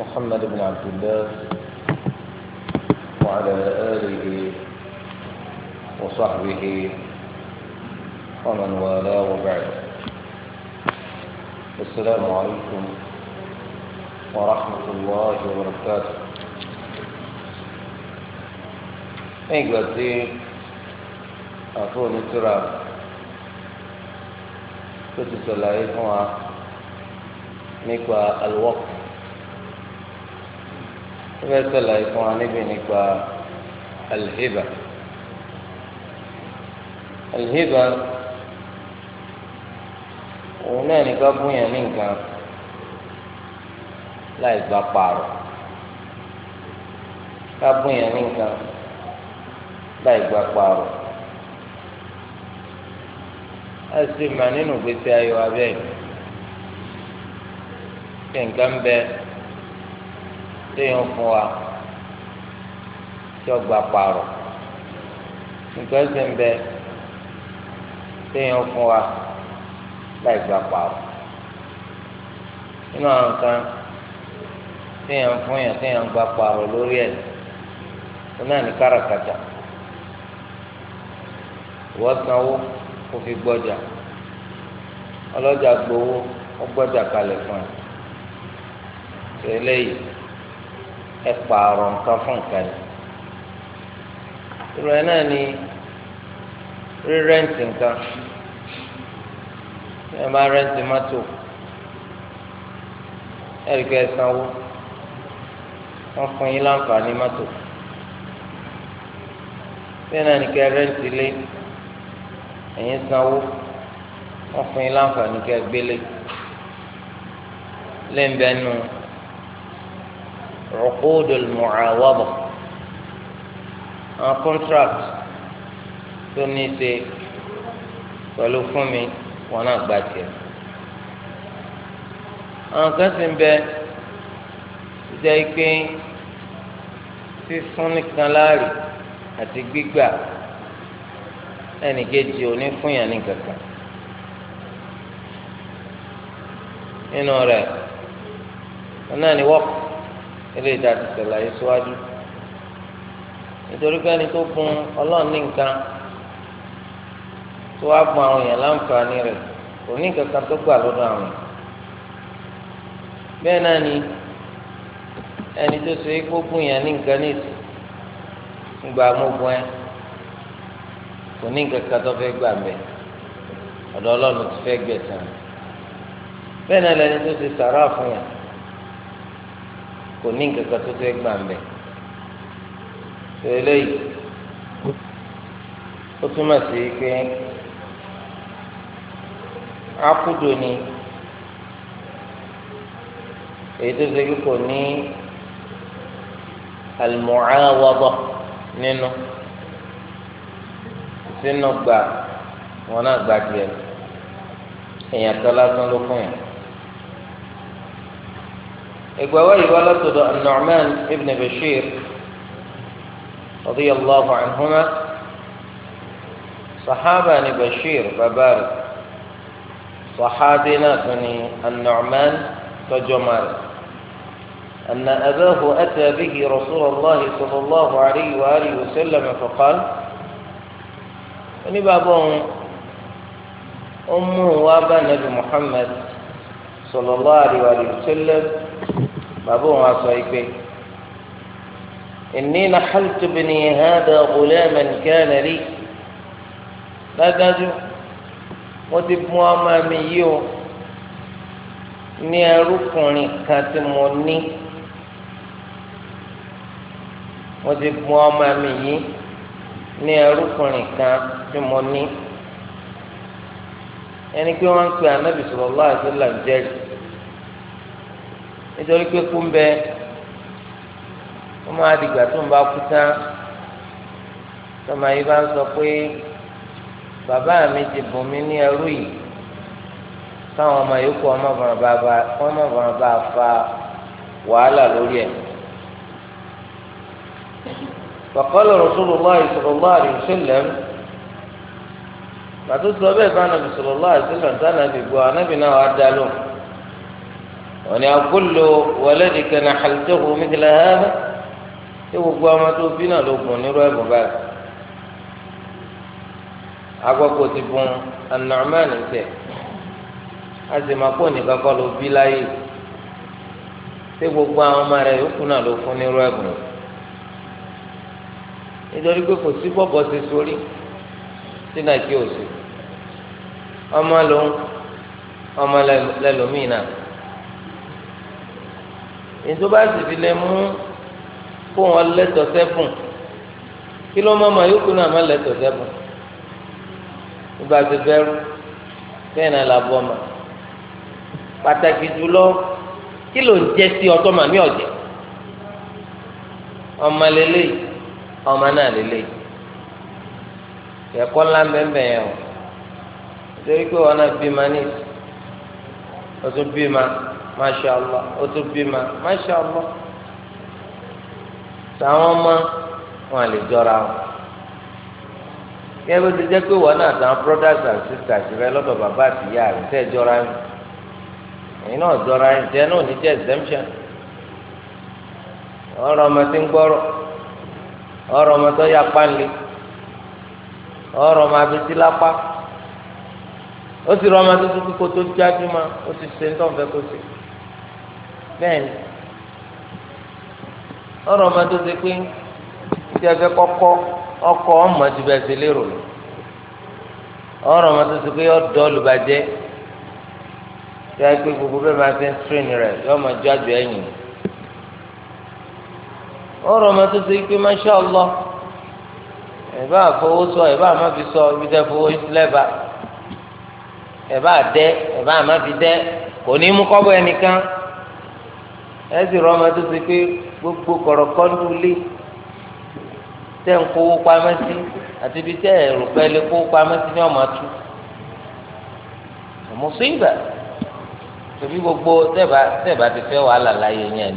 محمد بن عبد الله وعلى آله وصحبه ومن والاه وبعد السلام عليكم ورحمة الله وبركاته أيها الذين أقول ترى tó ti sọ̀làyé fún wa nípa alwọ́k tó fẹ́ sọ̀làyé fún wa níbi nípa alhiba alhiba òun náà ní ká ní nǹkan láì gba pààrọ̀ ká bóyá ní nǹkan láì gba pààrọ̀ ẹ sì mà nínú gbèsè ayọ̀ abẹ́ ṣe nǹkan bẹ téèyàn fún wa tí ọgbà pààrọ̀ nǹkan sì ń bẹ téèyàn fún wa láì gbà pààrọ̀ nínú àwọn kan téèyàn fún yàn téèyàn gbà pààrọ̀ lórí ẹ̀ wọn náà ní káràkátà wọ́n sanwó kó fi gbọ́dọ̀ ọlọ́jà gbowó ó gbọ́dọ̀ kalẹ̀ fún ẹ tẹ́lẹ̀ yìí ẹ pààrọ̀ nǹkan fún nǹkan yìí ìrọ̀ náà ni rírẹ́ǹtì nǹkan ẹ máa rẹ́ǹtì mọ́tò ẹ rí pé ẹ sanwó wọ́n fún yín láǹfààní mọ́tò bẹ́ẹ̀ náà ni kẹ́ rẹ́ǹtì lé ẹ̀yin sanwó wọ́n fún yín láǹfààní kẹ́ gbélé lẹ́nbẹ̀ẹ́nu uqudul mu'awada àwọn contract tó ní í ṣe pẹ̀lú fún mi wọn náà gba tiẹ̀ àwọn kan sì ń bẹ jẹ́ pé sísún nìkan láàrì àti gbígbà. ẹnìkejì òní fún yàn ní kankan nínú rẹ̀ náà ni wọ́pù ilé ìdá ti sàlàyé síwájú nítorí pé ẹni tó fún ọlọ́run ní nǹkan tó wá bùn àwọn èèyàn láǹfààní rẹ̀ kò kankan tó gbà lọ́dọ̀ àwọn bẹ́ẹ̀ náà ni ẹni tó ṣe kò ní nǹkan kan tó fẹ́ gbà mẹ́ ọ̀dọ̀ ọlọ́run ti fẹ́ gbẹ̀sán bẹ́ẹ̀ náà lẹni tó ṣe sàrà fún yà kò ní nǹkan kan tó fẹ́ gbà mẹ́ tó eléyìí ó túmọ̀ sí pé akudo ni èyí tó ṣe kò ní almuawada nínú. sínú gbà wọn náà gbà tiẹ̀ èèyàn kan lásán ló fún yàn. إقوى ولد النعمان ابن بشير رضي الله عنهما صحابة بشير ببار صحابنا بني النعمان فجمال أن أباه أتى به رسول الله صلى الله عليه وآله وسلم فقال oníbàbọ̀ òun ó mú wa bá nàbì Muhammad sallallahu alaihi wa sallam bàbá òun aṣọ ìgbé inni nahaltu ibni hadha ghulaman kana li dájú mo ti mú ọmọ mi yìí o ní ẹrúkùnrin kan tí mo ní mo ti mú ọmọ mi yìí ní ẹrúkùnrin kan tí mo ní ẹni pé wọn ń pe anabi sallallahu alaihi wasallam jẹrì nítorí pé kú ń bẹ wọn máa dìgbà tó ń bá kú tán tọmọ yìí bá ń sọ pé bàbá mi ti bùn mí ní ẹrú yìí káwọn ọmọ yòókù ọmọ bàbá bá fa wàhálà lórí ẹ̀. فقال رسول الله صلى الله عليه وسلم pàtó sọ bẹ́ẹ̀ fún anabi sọlọ lọ àti sọlọ anabi gbọ́ anabi náà wàá dá lóhùn wọn ni akólo wọlé di kẹne xalitẹhu mẹtẹlẹ hẹhẹ tí gbogbo ọmọ tó bí náà ló gùn nírú ẹ̀bùn báyìí agbọkọ ti bùn anamani tẹ azìmàkó nìkan kọ ló bí láyé tí gbogbo àwọn ọmọ rẹ̀ yókù náà ló fún nírú ẹ̀bùn yìí nítorí pé kò sí bọ́bọ̀ ṣe sórí tí nàìkí ò sí ọmọ lòun ọmọ lẹlòmíì náà ètò bá sì fi lè mú kó wọn lẹ́tọ̀ sẹ́fùn kí ló mọ́ ọmọ yòókù náà má lẹ́tọ̀ sẹ́fùn nígbà tó bẹ̀rù bẹ́ẹ̀ náà la bọ́ ọmọ pàtàkì jùlọ kí ló ń jẹ́ sí ọtọ́ màmí ọ̀jẹ̀ ọmọ lélẹ́yìí ọmọ náà lélẹ̀ ẹ̀kọ́ ńlá bẹ́ẹ̀ yẹn o nítorí pé wọn náà bímọ ní o tún bímọ masha allah o tún bímọ masha allah táwọn ọmọ wọn lè jọra wọn yẹ bó ti jẹ́ pé wọn náà táwọn brothers and sisters rẹ lọ́dọ̀ bàbá àti ìyá rẹ tẹ́ jọra yín ẹ̀yin náà jọra yín tẹ́ náà ní jẹ́ exemption ọ̀rọ̀ ọmọ tí ń gbọ́rọ̀ ọ̀rọ̀ ọmọ tó ya pánlé ọ̀rọ̀ ọmọ abetí lápá ó sì rọ ọmọ tuntun kíkó tó jájú ma ó ti ṣe nítorí fẹ́ kó ṣe bẹ́ẹ̀ ni ọ̀rọ̀ ọmọ tó ṣe pé tí a fẹ́ kọ́kọ́ ọkọ ọmọ ti bẹ ṣe lérò lọ ọ̀rọ̀ ọmọ tó ṣe pé ọ̀dọ́ olùbàjẹ́ tí a gbé gbogbo bẹ́ẹ̀ máa ṣe ń tírìn rẹ yọọ máa jáde ẹ̀yìn ọ̀rọ̀ ọmọ tó ṣe pé ebe Allah ẹ̀bá àfọwọ́ sọ ẹ̀bá àmọ́ fi sọ ibi tẹ́ fowó ìsìlẹ̀bà ẹ̀bá àdẹ́ ẹ̀bá àmọ́ fi kò ní rọ ọmọ tó ṣe pé gbogbo kọ̀rọ̀kọ́ndù lé tẹ́ ń kówó pamẹ́ sí àti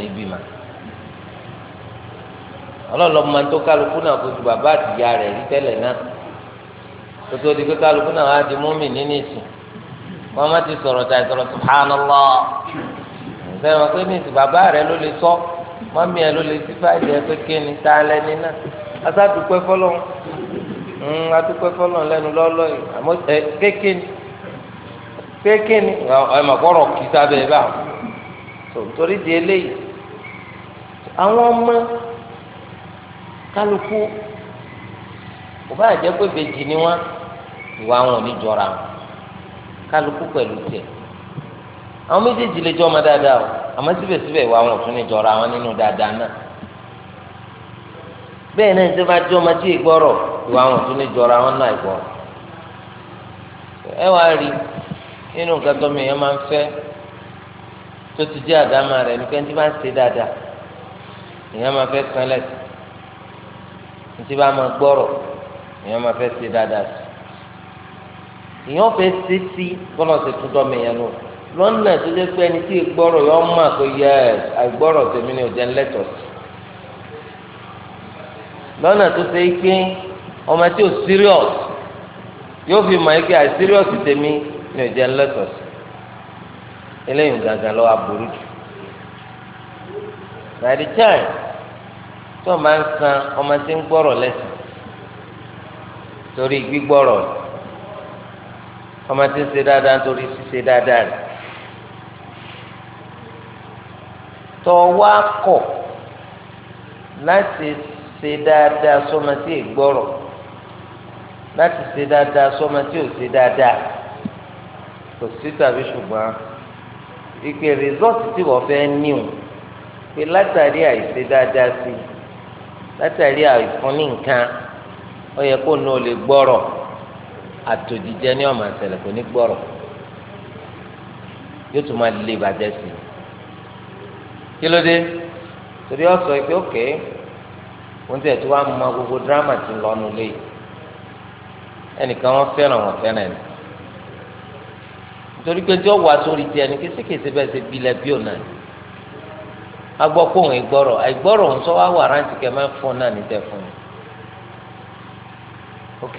ibi ọlọ́lọ́ máa tó kálukú náà fojú bàbá àtìyá rẹ̀ rí tẹ́lẹ̀ náà tótó di pé kálukú náà di múmi nínú ìsìn wọ́n má ti sọ̀rọ̀ tàì sọ̀rọ̀ subhanallah sẹ́wọ̀n pé ní ìsìn bàbá rẹ̀ ló lè sọ ẹ̀ ló lè ni náà adúpẹ́ hmm, lẹ́nu lọ́lọ́ yìí kálukú ọ bá jẹ́ pé bèjì ni wọ́n ìwà wọn ò ní jọra wọn kálukú àwọn méjèèjì lè jọ ọmọ dáadáa o àmọ́ síbẹ̀síbẹ̀ ìwà wọn ò ní jọra wọn nínú dáadáa náà bẹ́ẹ̀ náà ṣe máa jọ ọmọ tí ìgbọ́rọ̀ ìwà wọn ò ní wọn náà ẹ wá rí nínú nǹkan tó mi yẹn máa ń tó ti àdámà nípa ẹni tí bá ń ṣe dáadáa ìyẹn ntí bá máa gbọ́rọ̀ èèyàn máa fẹ́ ṣe dáadáa sí èèyàn fẹ́ ṣe sí bọ́lá ṣe tún dọ́ mi lọ lọ́nà tó dé pé ẹni tí ì gbọ́rọ̀ yọ ọmọ àpò yẹ àìgbọ́rọ̀ tèmi ni òjẹ́ ńlẹ́tọ̀ sí lọ́nà tó ṣe é pé serious yóò fi mọ̀ ike àìserious tèmi ni òjẹ́ ńlẹ́tọ̀ sí eléyìí gàgà lọ́wọ́ aburú jù by the tó máa ń san ọmọ tí ń gbọ́rọ̀ lẹ́sìn torí gbígbọ́rọ̀ rẹ̀ ọmọ tí ń ṣe dáadáa torí ṣíṣe dáadáa rẹ̀ tó wá kọ̀ láti ṣe dáadáa sọmọ tí ì gbọ́rọ̀ láti ṣe dáadáa sọmọ tí ò ṣe dáadáa kò sí tàbí ṣùgbọ́n ìpè rìsọ́ọ̀tì tí wọ́n fẹ́ níwò pé látàrí àìṣe dáadáa sí i látàrí àìfúnni nǹkan ó yẹ kó nu olè gbọ́rọ̀ àtòjíjẹ ní ọmọ àṣẹlẹ kò ní gbọ́rọ̀ yóò tún máa lè bàjẹ́ sí i kí ló dé torí ọ̀sọ̀ ìpè òkè wọ́n tẹ̀ tí wàá mọ gbogbo dírámà tí lọ nu lé ẹnìkan wọ́n fẹ́ràn wọ́n fẹ́ràn ẹ̀ nítorí pé tí ó wà sórí tiẹ̀ ní kéṣekéṣe bẹ́ẹ̀ ṣe bí bí ò náà agbọ́ kó òun ìgbọ́rọ̀ àìgbọ́rọ̀ òun sọ wá wà rántí kẹ máa fún náà ní tẹ̀fún mi. ok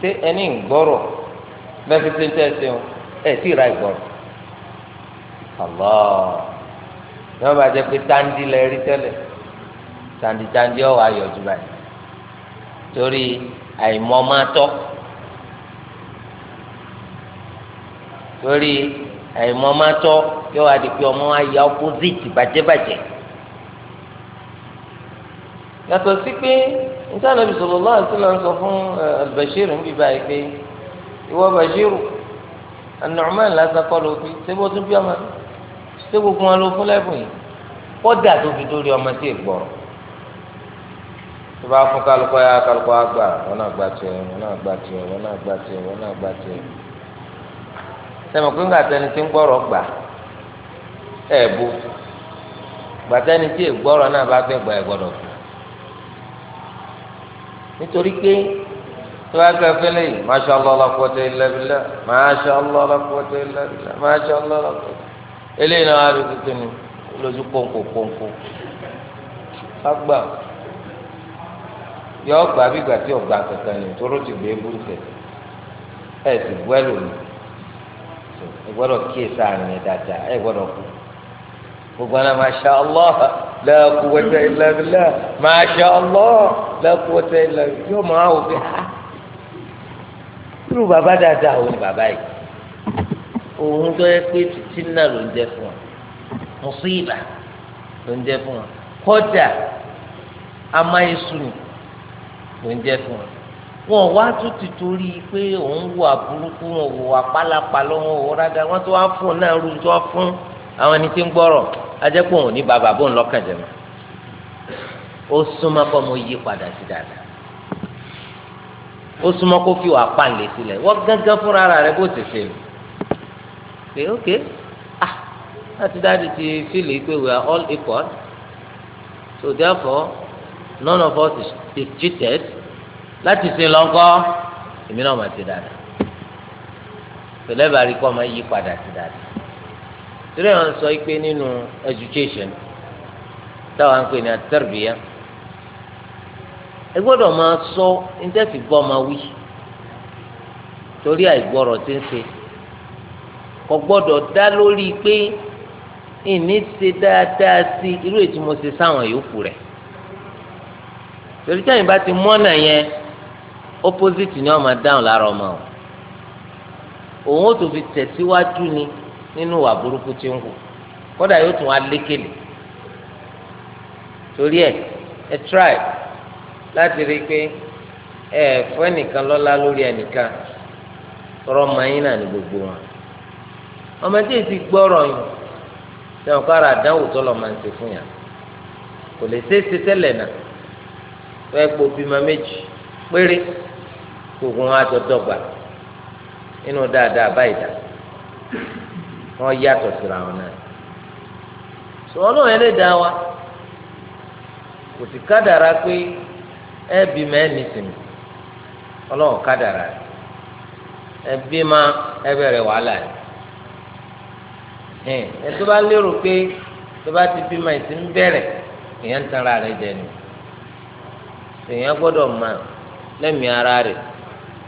ṣé ẹni ìgbọ́rọ̀ bẹ́ẹ̀ fi ṣe ń tẹ̀sí o ẹ̀ tí ra ìgbọ́rọ̀. àlọ́ ní wọ́n bá jẹ́ pé táǹdì lẹ rí tẹ́lẹ̀ táǹdì táǹdì ọ̀ wá yọjú báyìí torí àìmọ́ máa tọ́ torí àìmọ̀ máa tọ́ yóò wá di pé ọmọ wa ya opposite bàjẹ́bàjẹ́ yàtọ̀ sí pé níta nàbì sallallahu alaihi wasallam sọ fún Bashir ń bíbá yìí pé ìwọ Bashir An-Nu'man lásán kọ́ ló fi ṣé bó tún bí ọmọ ṣé gbogbo wọn ló fún lẹ́bùn yìí kọ́dà tó fi dórí ọmọ tí ì gbọ́rọ̀ tó bá fún kálukọ́ ya kálukọ́ á wọn náà gbà tiẹ̀ wọn náà gbà tiẹ̀ wọn náà gbà tiẹ̀ wọn náà gbà tiẹ̀ sẹ́mi pé ńgbà tẹni tí ń gbọ́rọ̀ gbà ẹ̀ bu gbàtẹ́ni tí ègbọ́rọ̀ náà bá fẹ́ gbà ẹ̀ gbọ́dọ̀ fún nítorí pé tó bá gbà fẹ́lẹ́ yìí masha allah la quwwata illa billah masha allah la quwwata illa billah masha allah la quwwata eléyìí náà wà ló ti tóni lójú pọ̀npọ̀ pọ̀npọ̀ agbà yọ ọgbà bí gbàtí ọgbà kankan ni toró ti gbé burúkẹ ẹ sì bú ẹ ẹ gbọ́dọ̀ kíyè sáàrin yẹn dáadáa ẹ gbọ́dọ̀ kú gbogbo náà masha allah la quwwata illa billah masha allah la quwwata illa billah yóò máa wò bí ha ah, irú bàbá dáadáa wo ni bàbá yìí òun tó yẹ pé títí náà ló ń jẹ fún wa mùsíbà ló ń jẹ fún wa kọjá amáyésùn ló ń jẹ fún wa wọn wá tún ti torí pé òun wo àbúrúkú wọn wò wá pálapàlọ wọn wò rádà wọn tó wá fún náà rú tó wá fún àwọn ẹni tí ń gbọ́rọ̀ ajẹpọ òun ní bàbá bò ń lọkàn jẹ mọ ó súnmọ́ kọ mo yí padà sí dáadáa ó súnmọ́ kó fi wà pàǹlẹ sílẹ̀ wọn gángan fúnra ara rẹ̀ bó ti fè mí pé ok ah láti dáàdi ti fílì pé we are all equal so therefore none of us is cheated láti sin lọ́kọ́ èmi náà máa ti dada. tẹlẹbàárí kọ́ máa yí padà ti dáadáa torí àwọn sọ pé nínú education táwọn ń pè ní atẹ́rìbíyá ẹ gbọ́dọ̀ máa sọ níjẹ́sì gbọ́ máa wí torí àìgbọ́rọ̀ tí ń ṣe kò gbọ́dọ̀ dá lórí pé ìní ṣe dáadáa sí irú ètí mo ṣe sáwọn yòókù rẹ̀ torí táyìn bá ti mọ́nà yẹn opposite ni wọ́n máa dáhùn lára ọmọ o òun ó tó fi tẹ̀síwájú ni nínú ìwà burúkú tí ń hù kódà yóò tún wá lékele torí ẹ ẹ try láti rí i pé ẹ fún ẹnìkan lọ́lá lórí ẹnìkan tọrọ ọmọ yín náà ní gbogbo wọn ọmọ tí èsì gbọ́rọ̀ yìí ṣe wọn kára àdánwò tó lọ máa ń ṣe fún yàn kò lè ṣe é ṣe tẹ́lẹ̀ náà fẹ́ gbòbí ma méjì péré gbogbo wọn àjọ dọ́gba nínú dáadáa báyìí dá wọn yàtọ̀ síra wọn náà sọ̀rọ̀ náà ẹlẹ́dàá wa kò sì kádàrá pé ẹ bí mẹ́ẹ̀ni sìn ọlọ́run kádàrá ẹ bí ma ẹ bẹ̀rẹ̀ wàhálà ẹ ẹ tó bá lérò pé tó bá ti bí ma ìsìn bẹrẹ èèyàn ń tanra rẹ̀ jẹ ni èèyàn ara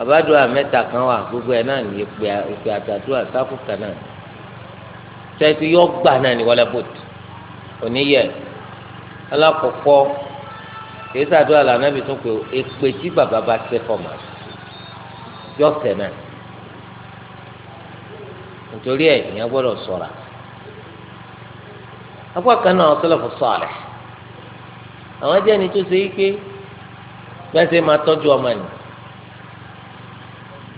àbádùá mẹ́ta kan wà gbogbo ẹ̀ náà nìyẹn pé ìpè àtàdúrà sáfùkà náà sẹ́ẹ̀kì yọ gbà náà ní wọlé bòt oníyẹ alákọ̀ọ́kọ́ kìí sàdúrà lànà bí tún pé èpè tí bàbá bá ṣe fọmà yọ sẹ̀ náà nítorí ẹ̀ ìyẹn gbọ́dọ̀ ṣọ́ra apá kan náà sọlọ́fù sọ̀rẹ̀ àwọn jẹ́ ẹni tó ṣe é pé bẹ́ẹ̀ ṣe máa tọ́jú ọmọ nìyẹn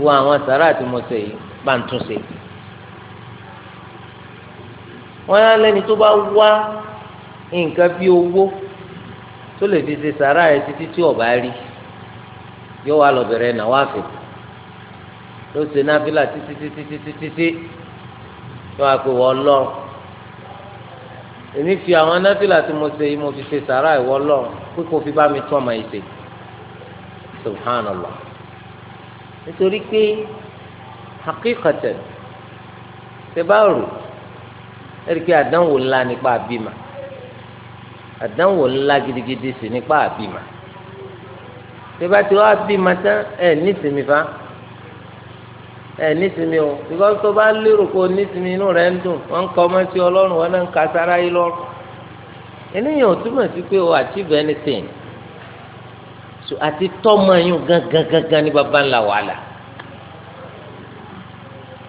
wo àwọn sàrà àti mọ̀sẹ̀ yìí bá ń tún ṣe. wọ́n yá lẹ́ni tó bá wá nǹkan bí owó tó lè fi ṣe sàrà rẹ̀ títí tí ọ̀bá rí yóò wá lọ bẹ̀rẹ̀ náà wá fè ló ṣe náfìlà títí títí títí títí yóò wá pé wọ́n lọ èmi fi àwọn náfìlà tí mo ṣe yìí mo fi ṣe sàrà ìwọ́ lọ pé kò fi bá mi tún ọmọ yìí subhanallah nítorí pé hakíkọ̀tẹ̀ tẹ bá rò ẹ̀rí pé àdánwò ńlá nípa àbímọ àdánwò ńlá gidigidi sí nípa àbímọ tẹ bá ti wá bímọ tán ẹ nísìmí fa ẹ nísìmí o because tó bá lérò pé o nísìmí inú rẹ ń dùn wọn ń kọ ọmọ sí Ọlọ́run wọn náà ń ka sára yìí lọ́rùn eléyìí ò túmọ̀ sí pé o achieve anything so àti tọ́mọ yín gangan gan ní baba ńlá wàhálà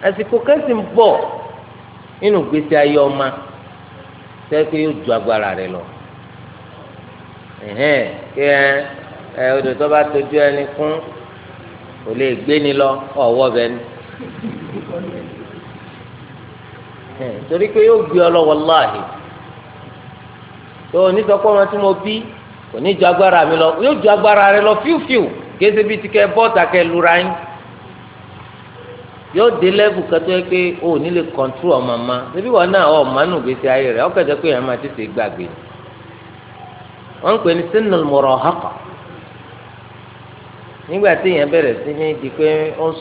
àsìkò kan sì ń bọ̀ nínú gbèsè ayé ọma sẹ́ pé yóò ju agbára rẹ lọ ẹ̀hẹ́n kí ẹ ẹ odò tó bá tójú ẹni kún kò lè gbé ni lọ ọ̀wọ́ bẹ ni torí pé yóò gbé ọ lọ wọláhì tó onítọ́kọ́ wọn tí mo bí. kò ní ju agbára mi lọ yóò ju agbára rẹ lọ fíufíu kéde bíi ti kẹ bọ́ọ̀tà lura yín yóò dé lẹ́bù yẹ pé o ò ní lè ọmọ ma ṣébí wọn náà ọ̀ mánú gbèsè ayé rẹ̀ ọ̀kẹ́jọ́ pé yẹn máa tètè gbàgbé wọ́n ń pè ní sinul murahaqa nígbà tí yẹn bẹ̀rẹ̀ sí ní di pé ó ń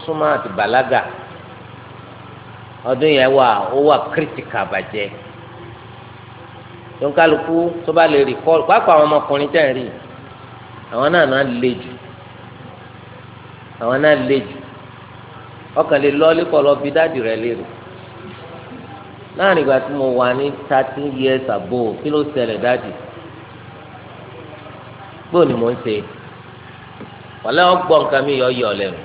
tó kálukú tó bá lè rìkọ́ọ̀lù pápá àwọn ọmọkùnrin tẹ̀ ń rí àwọn náà náà le jù àwọn náà le jù ọkàn lè lọ lọ wà ní thirteen years ago kí ló ṣẹlẹ̀ dáàdì bóun ni mò ń ṣe wọ́n gbọ́ nǹkan mi yọ̀ yọ̀ lẹ́nu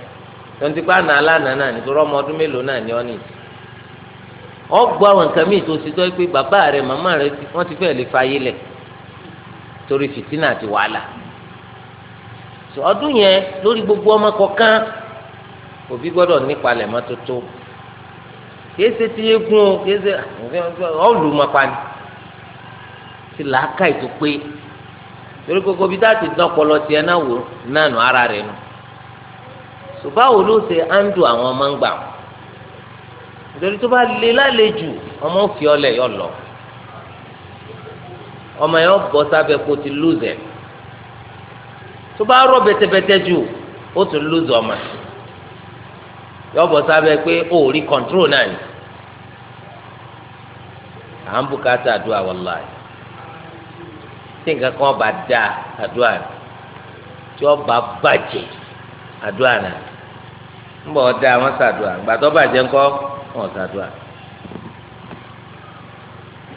tontigbà náà alánàá náà nítorí ọmọ ọdún mélòó náà ọ àwọn nǹkan míì tó ti dọ́ pé bàbá rẹ màmá rẹ wọ́n ti fẹ́ẹ́ lè fayé lẹ̀ torí fìtínà àti wàhálà ọdún yẹn lórí gbogbo ọmọ kọ̀ọ̀kan òbí gbọ́dọ̀ nípalẹ̀ mọ́ tó tó kìí ṣe ti o ti làákà ètò pé torí gbogbo bí dáàtì tiẹ̀ náà wò ara rẹ̀ nù torí tó bá lé lálejò ọmọ òfin ọlẹ yọ lọ ọmọ yẹn bọ kó ti lùzẹ tó bá rọ bẹtẹbẹtẹ jù ó tún lùzẹ ọmọ yọ bọ sábẹ́ pé ó rí kọńtró náà ni à ń bùkátà àdúrà wàláì tí nǹkan kan bá da àdúrà rẹ tí bá àdúrà náà ọ̀sàdúrà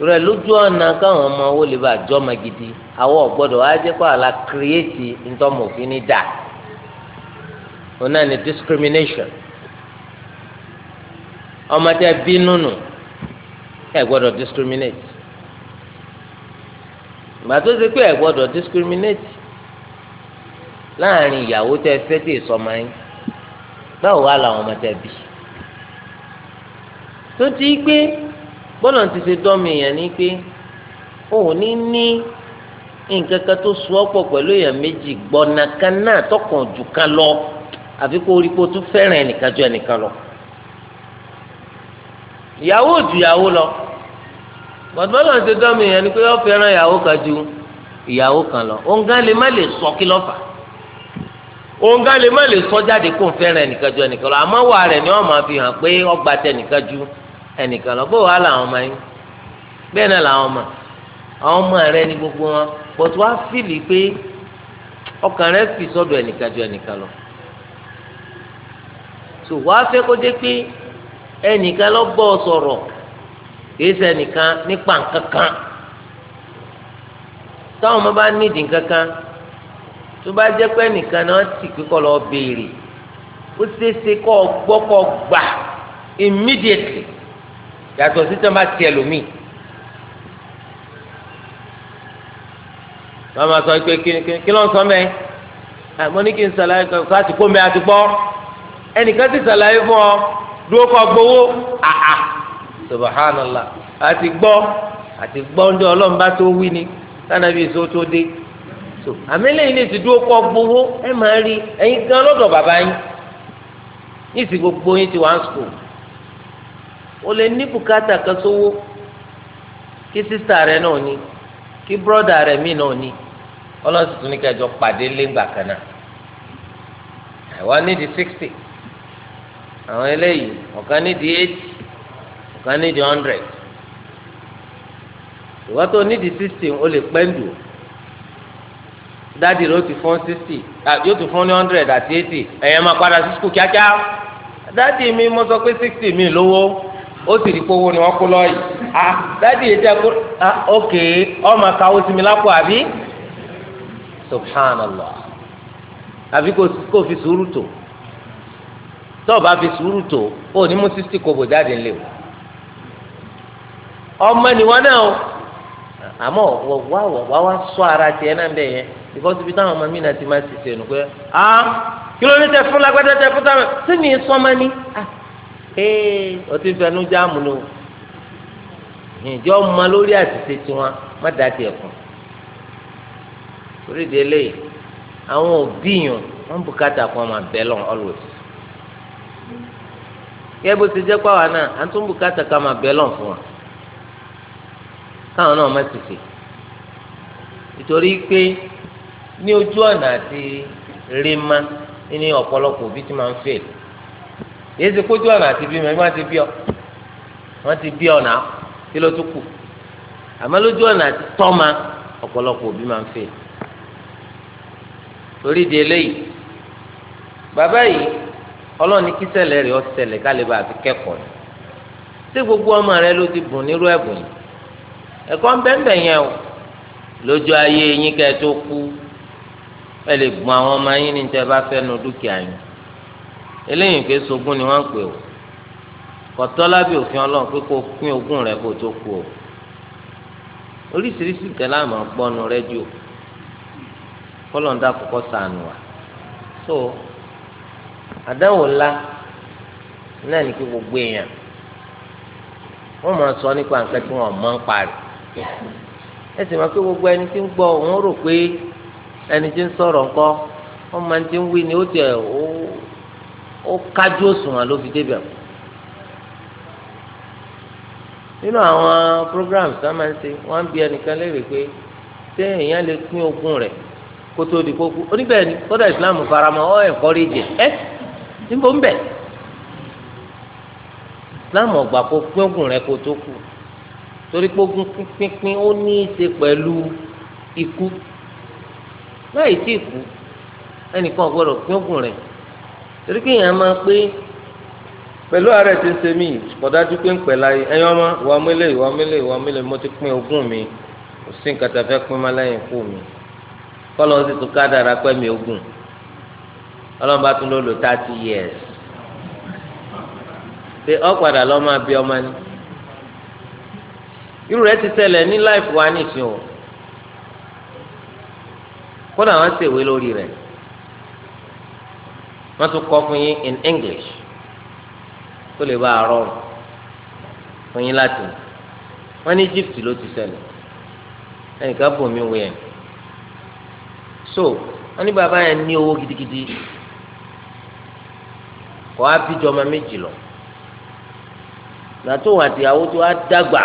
rẹ lójú ọ̀nà káwọn ọmọ owó lè bá jọ́ gidi àwọn ọ̀gbọ́dọ̀ wá jẹ́ kó àlà kírẹ́ẹ̀tì ntọ́mọ̀fin ní dà òun náà discrimination ọmọ tẹ ẹ gbọ́dọ̀ discriminate ìgbà tó ṣe pé ẹ gbọ́dọ̀ discriminate láàrin ìyàwó tẹ fẹ́ tẹ sọmọ yín báwo wá làwọn ọmọ tó ti pé bọ́lọ̀ ti ṣe dọ́mi ni pé o ní ní nǹkan kan tó sọ ọ́ pọ̀ pẹ̀lú èèyàn méjì gbọ̀nà kan náà tọkàn jù kan lọ àfi kó rí kó tún fẹ́ràn ẹnìkan ju ẹnìkan lọ ìyàwó ju ìyàwó lọ ti dọ́mi ni kan ju ìyàwó kan lọ lè sọ kí lè má sọ jáde kó fẹ́ràn ẹnìkan ju ẹnìkan lọ àmọ́ wà fi hàn pé ọgbà ẹnìkan lọ bó wàá làwọn ọmọ yín bẹ́ẹ̀ náà làwọn ọmọ àwọn ọmọ rẹ gbogbo wọn bọ̀tú wá fìlì pé ọkàn rẹ fi sọ́dọ̀ ẹnìkan ju ẹnìkan lọ tó wàá fẹ́ kó dé pé ẹnìkan lọ bọ́ ọ sọ̀rọ̀ kìí ṣe ẹnìkan nípa nǹkan kan táwọn ọmọ bá nídìí nǹkan kan tó bá lọ béèrè ó ṣeé ṣe kọ́ yàtọ̀ sí tí wọ́n bá tiẹ̀ lómi. wọ́n máa sọ pé kí ló ń sọ mẹ́ mo ní kí n sàlàyé kan sọ àti kó mi àti gbọ́ ẹnìkan ti sàlàyé fún ọ dúró kọ gbowó àhà subhanallah àti gbọ́ àti gbọ́ ń dé ọlọ́run bá tó wí ni sanabi èso tó dé so àmẹ́lẹ́ yìí lè ti dúró kọ gbowó ẹ máa rí ẹ̀yin gan lọ́dọ̀ bàbá yín ní ìsìn gbogbo yín ti wá ń sùkúl o lè ní bùkátà kan sówó kí sísítà rẹ náà ní kí bírọ̀dà rẹ mí náà ní ọlọ́sìn tún ní kẹjọ pàdé léǹgbà kan náà àwa nídìí sixty àwọn eléyìí ọ̀kan nídìí eighty ọ̀kan nídìí hundred ìwọ́n tó nídìí sixty o lè pẹ́ndù dáàdi rẹ ó ti fún sixty yóò ti fún ní hundred àti eighty ẹ̀yẹ́ máa padà sí sukùl kíákíá dáàdi mi mo sọ pé sixty mi lówó ó sì rí kówó ni wọ́n kó lọ yìí ah dáàdi yìí tẹ́ kó à ókè ọmọ káwó sí lápò àbí subhanallah àbí kò fi sùúrù tó tó o bá fi sùúrù tó o ní mú sísí kobo jáde ńlẹ̀ o ọmọ ènìwọ́n náà o àmọ́ wà wà wà sọ ara tiẹ̀ náà bẹ̀ yẹn because ibi táwọn ọmọ mi náà ti máa ti sẹ́nu pé ah kí ló ní tẹ fún lágbádá tẹ fún táwọn sí ni ni ah. ee o ti fẹnu jáàmù ni o ìjọ ma lórí àtìsẹ tiwọn má da tiẹ kù torí àwọn òbí yàn wọn always bó ti jẹ pàwọn náà à ń tún bùkátà kan máa bẹ lọ fún wa káwọn náà má ti fè pé ní ojú ọ̀nà àti ní ọ̀pọ̀lọpọ̀ òbí ti máa ń fèlè. yéé ṣe kójú ọ̀nà àti bímọ ẹ má ti bí ọ wọ́n ti bí ọ náà kí ló tún kù àmọ́ lójú ọ̀nà àti tọ́ma ọ̀pọ̀lọpọ̀ òbí máa ń fẹ́ torí di eléyìí bàbá yìí ọlọ́ọ̀ni kí ṣẹlẹ̀ rẹ̀ ó ṣẹlẹ̀ ká lè kẹ́kọ̀ọ́ ni tí gbogbo ọmọ rẹ ló ti bùn nírú ẹ̀bùn yìí ẹ̀kọ́ ń bẹ́ẹ̀ yẹn o lójú ayé yín kẹ́ tó kú ẹ lè bùn àwọn ọmọ yín ní tẹ́ bá fẹ́ nu dúkìá yín eléyìí kò sógun ni wọ́n ń pè o kọ̀tọ́ lábẹ́ òfin ọlọ́run pé kó pín ogún kó tó kú o oríṣiríṣi ìtẹ́lá àmọ́ gbọ́nu rẹ́díò kọ́lọ́ńdà kọ́kọ́ sànù so àdáwò ńlá náà ní kí gbogbo èèyàn wọ́n máa sọ nípa nǹkan tí wọ́n máa ń parí ẹ sì máa pé gbogbo ẹni tí ń gbọ́ òun rò pé ẹni tí ń sọ̀rọ̀ ńkọ́ wọ́n máa ó kájú òṣùwọ̀n ló fi débẹ̀ mọ́ nínú àwọn programs tá a máa ń ṣe wọ́n ń bi ẹnìkan léèrè pé ṣé èèyàn lè pín ogún rẹ̀ kó tó di kókó oníbẹ̀ ni kódà Islam faramọ́ ọ́ ẹ̀kọ́ rí jẹ ẹ́ níbo ń bẹ̀ Islam ọ̀gbà kó pín ogún rẹ̀ kó tó kú torí pé pínpín ó ní í ṣe pẹ̀lú ikú láì tí ì kú ẹnìkan ò pín ogún rẹ̀ torí pé èèyàn máa pé pẹ̀lú ààrẹ tí ń ṣe mí kọ̀dájú pé ń pẹ̀ láyé ẹ̀yin ọmọ ìwà mílẹ̀ ìwà mílẹ̀ ìwà mílẹ̀ mo ti pín ogún mi kò sí nǹkan tá a fẹ́ pín má lẹ́yìn kú mi kọ́lọ́ sì tún kádàrá pẹ́ mi ogún ọlọ́run bá tún ló lò thirty years ṣé ọ̀padà lọ́ máa bí ọmọ ni irú rẹ̀ ti ṣẹlẹ̀ ní láìpẹ́ wa nìṣó kódà wọ́n ṣèwé lórí rẹ̀ wọ́n tún kọ́ fún yín in English kó lè bá a rọrùn fún yín láti mọ̀ wọ́n ní Egypt ló ti ṣẹlẹ̀ ẹnìkan bò mí wẹ̀ so wọ́n ní bàbá yẹn ní owó gidigidi kọ́ á bíjọ ọmọ méjì lọ nàtó wọn àtìyàwó tó á dàgbà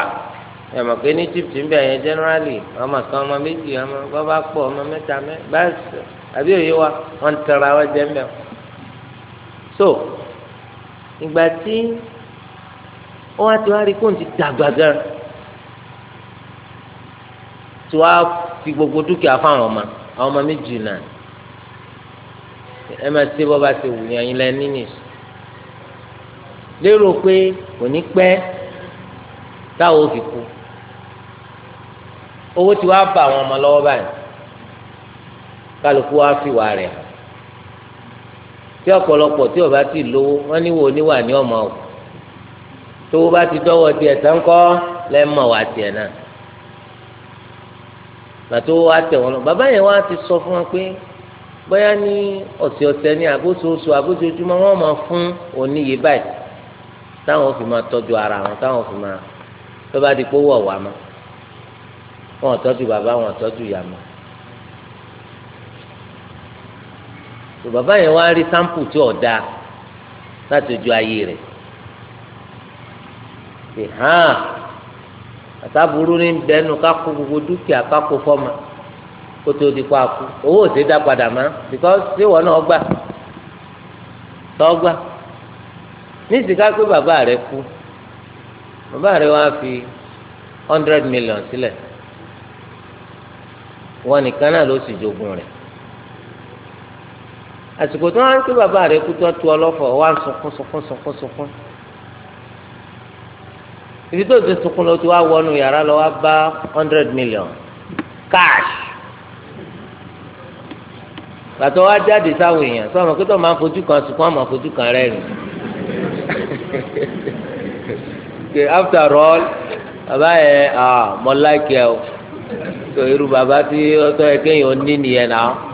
ẹ mọ̀ pé ní Egypt ń bẹ̀ yẹn generally ọmọ kan ọmọ méjì ọmọ bàbá pọ̀ ọmọ mẹ́ta mẹ́ báyìí àbí òye wa wọ́n tẹ̀ra wọn jẹ́ ń bẹ̀ wọ́n so ìgbà tí wọn á ti wá rí kóun ti dàgbà gan tí wọn á fi gbogbo dúkìá fáwọn ọmọ àwọn ọmọ méjì náà ẹ máa ṣe bọ́ bá ti wù yàn yín lẹ́ni nìyí lérò pé kò ní pẹ́ táwọn ò kú owó tí wàá bá àwọn ọmọ lọ́wọ́ báyìí kálukú wàá fi wà rẹ̀ hàn tí ọ̀pọ̀lọpọ̀ tí ọba ti lówó wọn níwò níwà ní ọmọ o tówó bá ti dọ́wọ́ tiẹ̀ tán kọ́ lẹ́mọ̀ wà tiẹ̀ náà gbàtó wá tẹ̀ wọn lọ bàbá yẹn wá ti sọ fún wọn pé bóyá ní ọ̀sẹ̀ ọ̀sẹ̀ ní àbóṣoṣo àbóṣojúmọ́ wọn máa fún oníyè báyìí táwọn fi máa tọ́jú ara wọn táwọn fi máa tó bá di pé wọ̀ mọ́ wọn ò tọ́jú bàbá wọn ò tọ́jú ìyá mọ́ so bàbá yẹn wá rí sampo tí ò da láti ojú ayé rẹ̀ ṣe hàn àtàbúrú ní bẹnu kákó gbogbo dúkìá kákó fọmọ kó tó di kó a kú owó òsè dá padà mọ́ because síwọ náà gbà tọgbà ní ìsìká pé bàbá rẹ̀ kú bàbá rẹ̀ wá fi hundred million sílẹ̀ wọn nìkan náà ló sì jogún rẹ̀ àsìkò tí wọ́n á ń pè bàbá rẹ̀ kú tó tu ọlọ́fọ̀ wá sunkún sunkún sunkún sunkún ibi tó ti sunkún lọ tí wàá wọnú yàrá lọ wàá bá hundred million cash gbàtọ́ wàá jáde sáwọn èèyàn sọ ma pé tó máa fojú kan sunkún àmọ́ fojú kan rẹ̀ rìn okay after all bàbá yẹn ah, mọ láìkẹ́ o So irú bàbá tí ọtọ́ yẹ kéèyàn ó ní nìyẹn náà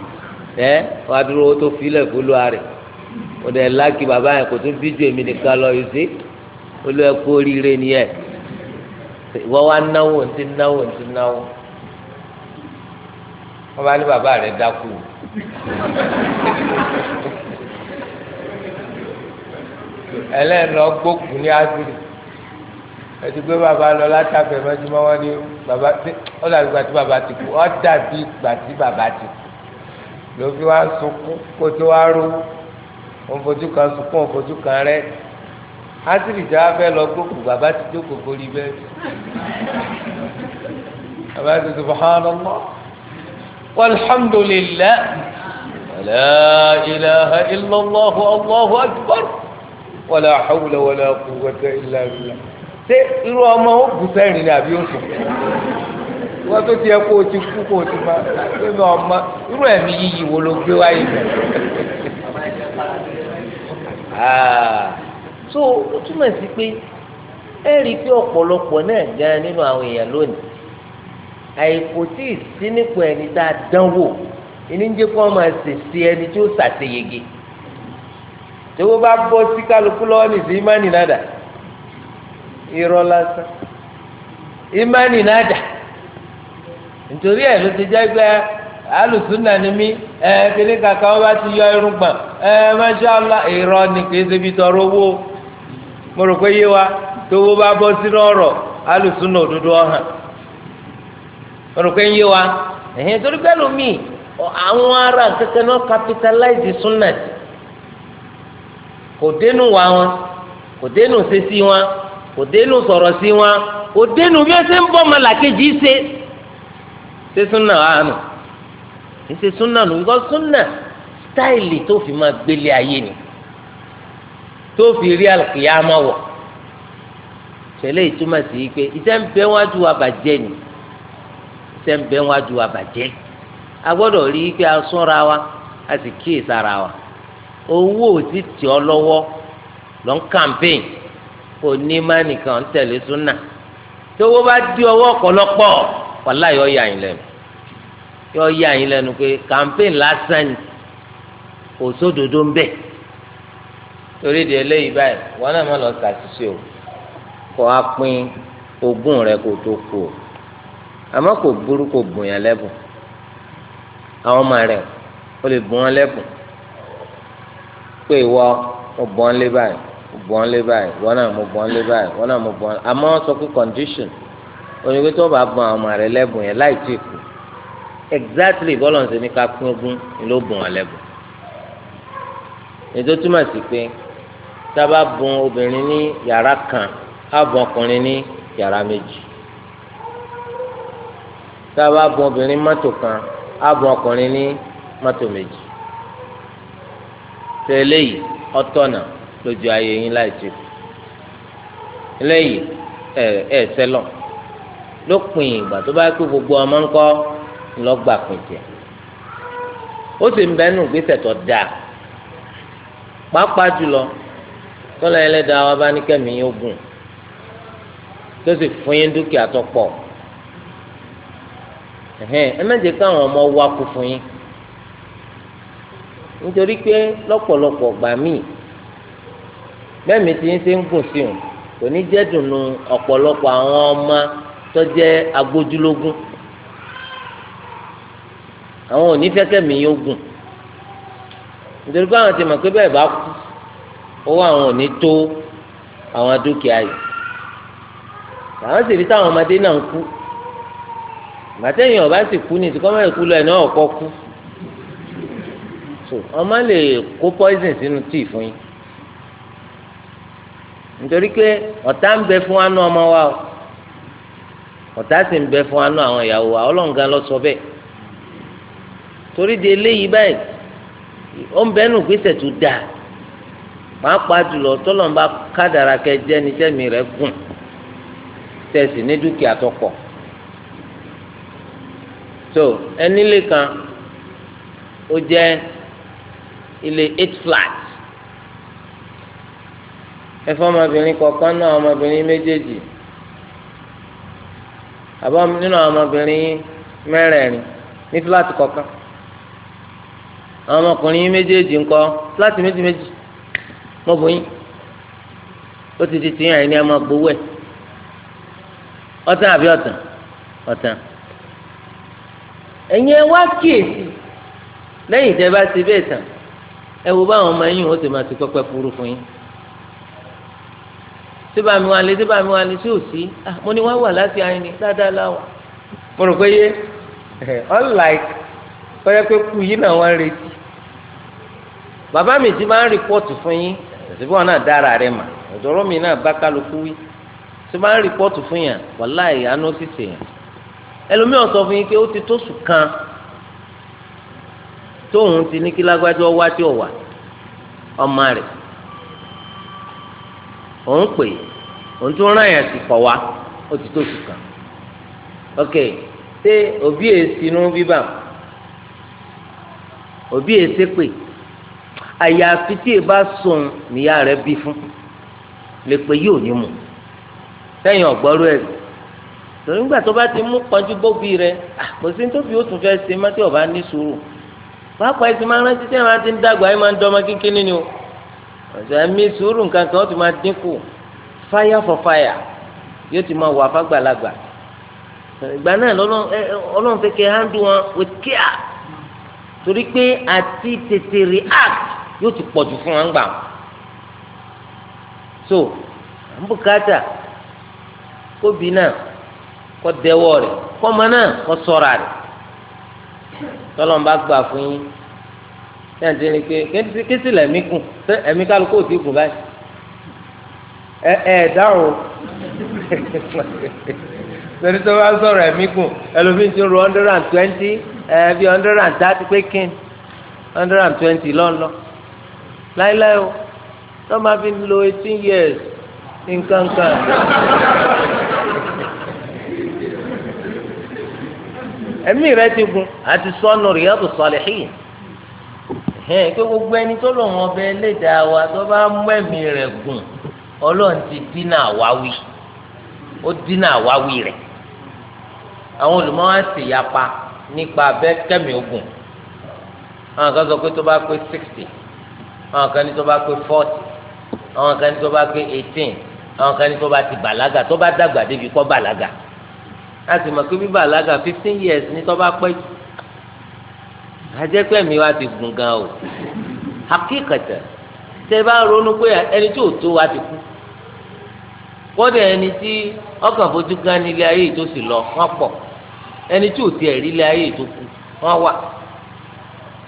ẹ wàá dúró owó tó filẹ̀ kó lóa rẹ̀ ó dẹ̀ láàkì bàbá yẹn kò tún fídíò èmi nìkan lọ yìí sí olú ẹ kú oríire nìyẹn ìwọ wa náwó ntí náwó ntí náwó wọn bá ní bàbá rẹ̀ dákú ẹlẹ́nu ọgbókùn ní asiri ẹtì gbé bàbá lọ látàfẹ́ mẹ́tí mọ́ ní bàbá ó dàbí gbàtí bàbá ti kú ó dàbí gbàtí bàbá ti kú ló fi wá sunkún kó tó wá ró òun fojú kan sunkún òun fojú kan rẹ ásìrì tí wàá lọ gbókù bàbá ti jókòó kórìí bẹ́ẹ̀ bàbá ti subhanallah walhamdulillah wàlá ilaha illallah allahu akbar wàlá hawla wàlá quwwata illa billah ṣé irú ọmọ ó bù sẹ́rìn ni àbí ó sùn. wọ́n tó ti yẹ kó o ti o ti ma pé mi ọmọ irú ẹ̀mí yíyí wo ló gbé wáyé bẹ̀rẹ̀. Ah. so ó túmọ̀ sí pé ẹ rí i pé ọ̀pọ̀lọpọ̀ náà gan nínú àwọn èèyàn lónìí àìkò tí ì sí nípò ẹni tá a dán wò ń jẹ́ kó máa ṣèṣe ẹni tí ó ṣàṣeyege bá nítorí ẹ̀ ló ti jẹ́ na alùsùn náà ni mí ẹ kíní kàkà wọn bá ti yọ irun gbọ̀n ẹ masha Allah irọ́ ni kì í wa tówó bá bọ́ sínú ọ̀rọ̀ alùsùn náà òdodo ọ̀hàn mo rò pé yé wa ẹ̀hìn torí pé lómi àwọn ará kẹkẹ náà capitalize sunna kò dénú wa wọn kò dénú si wọn kò dénú sọrọ sí wọn kò dénú bí ṣe ń ṣe. ṣé súnà wà nù ṣe súnà nù bíkọ́ súnà sítáìlì tó fi máa gbélé ayé ni tó fi rí àlùkìyámà wọ̀ ṣẹlẹ̀ ìtumọ̀ sí i pé iṣẹ́ ń bẹ wájú ni iṣẹ́ ń wájú a gbọ́dọ̀ rí i pé a wa a sì kíyèsí ara ti tì lọ́wọ́ kò ní má nìkan tẹ̀lé súnà di ọwọ́ yọ yà yín lẹ́nu pé campaign lásán ni kò sódodo ń bẹ torí di eléyìí báyìí wọn náà má lọ ṣàṣìṣe o kó a pín ogún rẹ kó tó kú o àmọ́ kò burú kò bùn yàn lẹ́bùn àwọn ọmọ rẹ o lè bùn wọn lẹ́bùn pé ìwọ mo bọ́n lé báyìí mo bọ́n lé báyìí wọn náà mo bọ́n lé báyìí wọn náà mo bọ́n àmọ́ sọ pé condition onígbé tó bá bùn àwọn ọmọ rẹ lẹ́bùn yẹn láì tí kú exactly bọ́lọ̀ ń ṣe ní ká pín ogún ló bùn wọn lẹ́bùn ètò túmọ̀ sí pé tá a bá bùn obìnrin ní yàrá kan á bùn ọkùnrin ní yàrá méjì tá a bá bùn obìnrin mọ́tò kan á bùn ọkùnrin ní mọ́tò méjì tẹ eléyìí ọtọ̀nà lójú ayé yín láì ti kù eléyìí ẹ ẹ sẹlọ lópin ìgbà tó bá kú gbogbo ọmọ ńkọ́ lọ́gbà pẹ̀jẹ́ ó sì ń bẹ́nu gbèsè tó dáa pàápàá jùlọ tọ́lá ẹlẹ́dàá wa bá ní kẹ́mi yín ogun tó sì fún yín dúkìá tó pọ̀ ẹ mẹ́jẹ káwọn ọmọ wá kú fún yín nítorí pé lọ́pọ̀lọpọ̀ gbà míì bẹ́ẹ̀ mi ti ń ṣe ń gùn sí òun kò ní jẹ́ dùnú ọ̀pọ̀lọpọ̀ àwọn ọmọ tó jẹ́ agbójúlógún àwọn ò ní fẹ́ kẹ́mi yóò gùn nítorí pé àwọn ti mọ̀ pé bẹ́ẹ̀ bá kú owó àwọn ò ní tó àwọn dúkìá yìí àwọn sì rí táwọn ọmọdé náà ń kú gbàtẹ́yìn ọba sì kú ní ìtìkọ́ mẹ́rin kú lọ ẹ̀ ọ̀kọ́ kú so ọmọ lè kó poison sínú tíì fún yín nítorí pé ọ̀tá ń bẹ fún anú ọmọ wa ọ̀tá sì ń bẹ fún anú àwọn ìyàwó wa ọlọ́run lọ sọ bẹ́ẹ̀ torí de eléyìí báyìí ó ń bẹ́nu gbèsè tó dáa pàápàá jùlọ tọ́lọ̀ ń bá kádàrà kẹ jẹ́ ní sẹ́mi rẹ̀ gùn tẹ̀sí ní dúkìá tó pọ̀ so ẹni lè kan ó jẹ́ ilé eight flat ẹfọ ọmọbìnrin kọ̀ọ̀kan náà ọmọbìnrin méjèèjì àbọ̀ nínú ọmọbìnrin mẹ́rẹ̀ẹ̀rin ní fúláàtì kọ̀ọ̀kan. ọmọkùnrin yín méjèèjì ńkọ́ fúláàtì méjì méjì mo bò yín ó ti di ti àyìn ní ọmọ gbowó ẹ̀ àbí ọ̀tàn ọ̀tàn ẹ̀yin ẹ wá kíyèsí lẹ́yìn ìjẹ́ bá ti bẹ́ẹ̀ tàn ẹ wo báwọn ọmọ ti máa ti furu fún yín tí bá mi wà lé tí bá mi wà lé sí ah, mo ní wọ́n wà láti àyìn ní dáadáa láwà mo rò pé bàbá mi ti máa ń rìpọ́ọ̀tù fún yín ẹ̀sìn fún wọn náà dára rẹ mà ọ̀dọ́rọ́ mi náà bá kálukú wí tí máa ń rìpọ́ọ̀tù fún yàn wàláì àánú sì sèyàn ẹlòmíràn sọ fún yín pé ó ti tó sùn kan tóun ti ní kí lágbájọ wá tí ò wà ọmọ rẹ̀ òun pè òun tún rán yàn sí kọ̀ wá ó ti tó sùn kan ok ṣé òbí èsì inú bíbà òbí èsì pè. àyàfi tí ba sùn níyà rẹ bí fún lè pe yóò ní mu sẹ́yìn ọ̀gbọ́rú torí ńgbà tó bá ti mú kpọ́njú bóbi rẹ̀ ah, kò sí nítorí ó tún fẹ́ ṣe má tí ọba ní sùúrù pápá ẹsìn máa rántí tí àwọn ti ń dàgbà ẹ máa ń dọ́mọ kínkínní ni o ọ̀sẹ̀ mi sùúrù nǹkan kan ó ti máa dínkù fire for fire yóò ti máa wà ìgbà náà yóò ti pọ̀ fún wọn gbà wọn so kóbi náà rẹ̀ kọ́mọ náà sọ́ra rẹ̀ tọ́lọ́n fún yín ṣé pé kéṣì lẹ́mí kù ẹ̀mí kálukú ò kù báyìí ẹ ẹ dáhùn tó bá kù ẹlòmíín ti ro láéláé o tó máa fi lo eighteen years nǹkankan. ẹ̀mí rẹ ti gun àti sọnù Riyadu Salihin hẹ́n pé gbogbo ẹni tó lòun ọbẹ̀ ẹlẹ́dàá wa tó bá mú ẹ̀mí rẹ̀ gùn ọlọ́run ti dínà àwáwí ó dínà àwáwí rẹ̀ àwọn olùmọ̀ wá sì yapa nípa abẹ́ kẹ́mi ogun àwọn kan sọ pé tó bá pé sixty àwọn kan ní tó bá pé forty àwọn kan ní tó bá pé eighteen àwọn kan ní tó bá ti bàlágà tó bá dàgbà débi kọ́ bàlágà láti mọ̀ pé bí bàlágà fifteen years ní tó bá pẹ́ jù àjẹpẹ́ mi wá ti gùn gan o hakíkàtà tẹ bá ronú pé ẹni tí ò tó wá ti kú kọ́dà ẹni tí ọkàn fojú gan ní ilé ayé tó sì lọ wọ́n pọ̀ ẹni tí ò tiẹ̀ rí ilé ayé tó kú wọ́n wà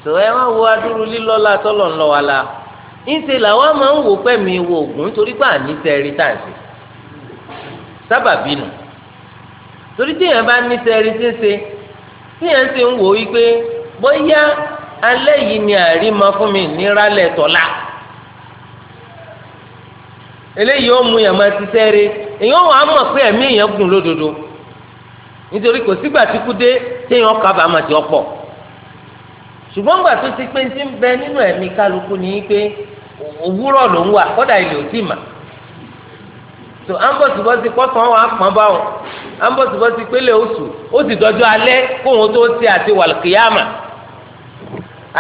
tòun ẹ wọ́n wo adúrú lílọ́lá tọ́lọ̀ ńlọ wa la. ńṣe làwọn máa ń wò pẹ̀mí wo ògùn nítorí pé àní sẹ́ẹ̀rì tá à ń ṣe sábàbí nù torí bá ní sẹ́ẹ̀rì tí ń ṣe téèyàn ṣe ń wò wípé bóyá alẹ́ yìí ni àrímọ fún mi níralẹ̀ tọ́lá eléyìí ó mu yàmá ti sẹ́ẹ̀rì èèyàn wà á mọ̀ ẹ̀mí èèyàn gùn lódodo nítorí kò sígbà tí kú dé téèyàn ti pé ń bẹ nínú ẹ̀mí òwúrọ̀ ló ń wà kódà ilé ò tí mà tó ambọ̀sibọ́sí pọ́sán wa pọ́n bá wọn ambọ̀sibọ́sí pélé oṣù ó sì dọ́jú alẹ́ kóhun tó ṣe àti wàlùkìyàmà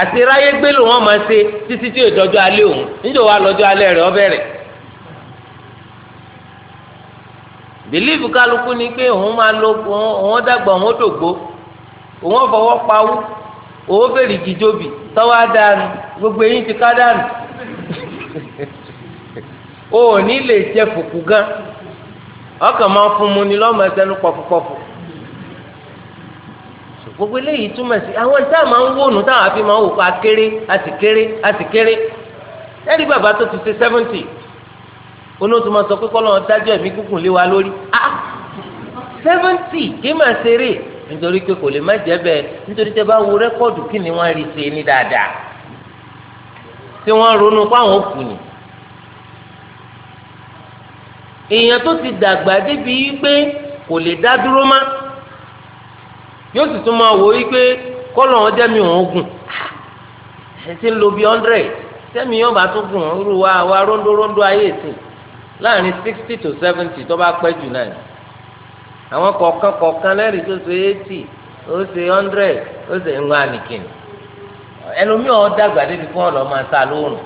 àti ráyé gbé ló wọn máa ṣe títí tí ìdọ́jú alẹ́ òun níjọ wa lọ́jọ́ alẹ́ rẹ̀ ọ bẹ̀rẹ̀ bìlíìfù kálukú ni pé òun máa lo òun dàgbà òun dògbò òun fọwọ́ pawú òun fèrè jìjọbì tọ́wọ́ gbogbo eyín ti ká dànù o ò ní lè jẹ fùkú gan ọkàn máa fún mu ni lọ́mọ ẹsẹ̀nu pọ̀fupọ̀fù gbogbo eléyìí túmọ̀ sí àwọn tá a máa ń wónú táwọn afi máa ń wò pa kéré àti kéré àti kéré ẹ̀rí bàbá tó ti ṣe seventy onótùú máa sọ pé kọ́ lọ́wọ́ dájọ́ ẹ̀mí gúngùn lé wa lórí ah seventy kí máa ṣeré nítorí pé kò lè má jẹ́ bẹ́ẹ̀ nítorí tẹ́ bá wo rẹ́kọ́ọ̀dù kí ni wọ́n rí ṣe ní dáadáa tí wọ́n ronú fáwọn òkú ni èèyàn tó ti dàgbà débi wípé kò lè dá dúró má yóò sì tún máa wò wípé kọ́lọ̀ wọn jẹ́mi òun gùn ẹ̀ ti ń lo bíi hundred tẹ́mi yóò bá tún gùn irú wa wa róńdó róńdó ayé ìsìn láàrin sixty to seventy tó bá pẹ́ jù náà àwọn kọ̀ọ̀kan kọ̀ọ̀kan lẹ́rìí tó ṣe eighty ó ṣe hundred ó ṣe ń wá nìkìnnì ẹlòmíì ọ̀ dàgbà débi fún ọ̀lọ́ máa sa lóòrùn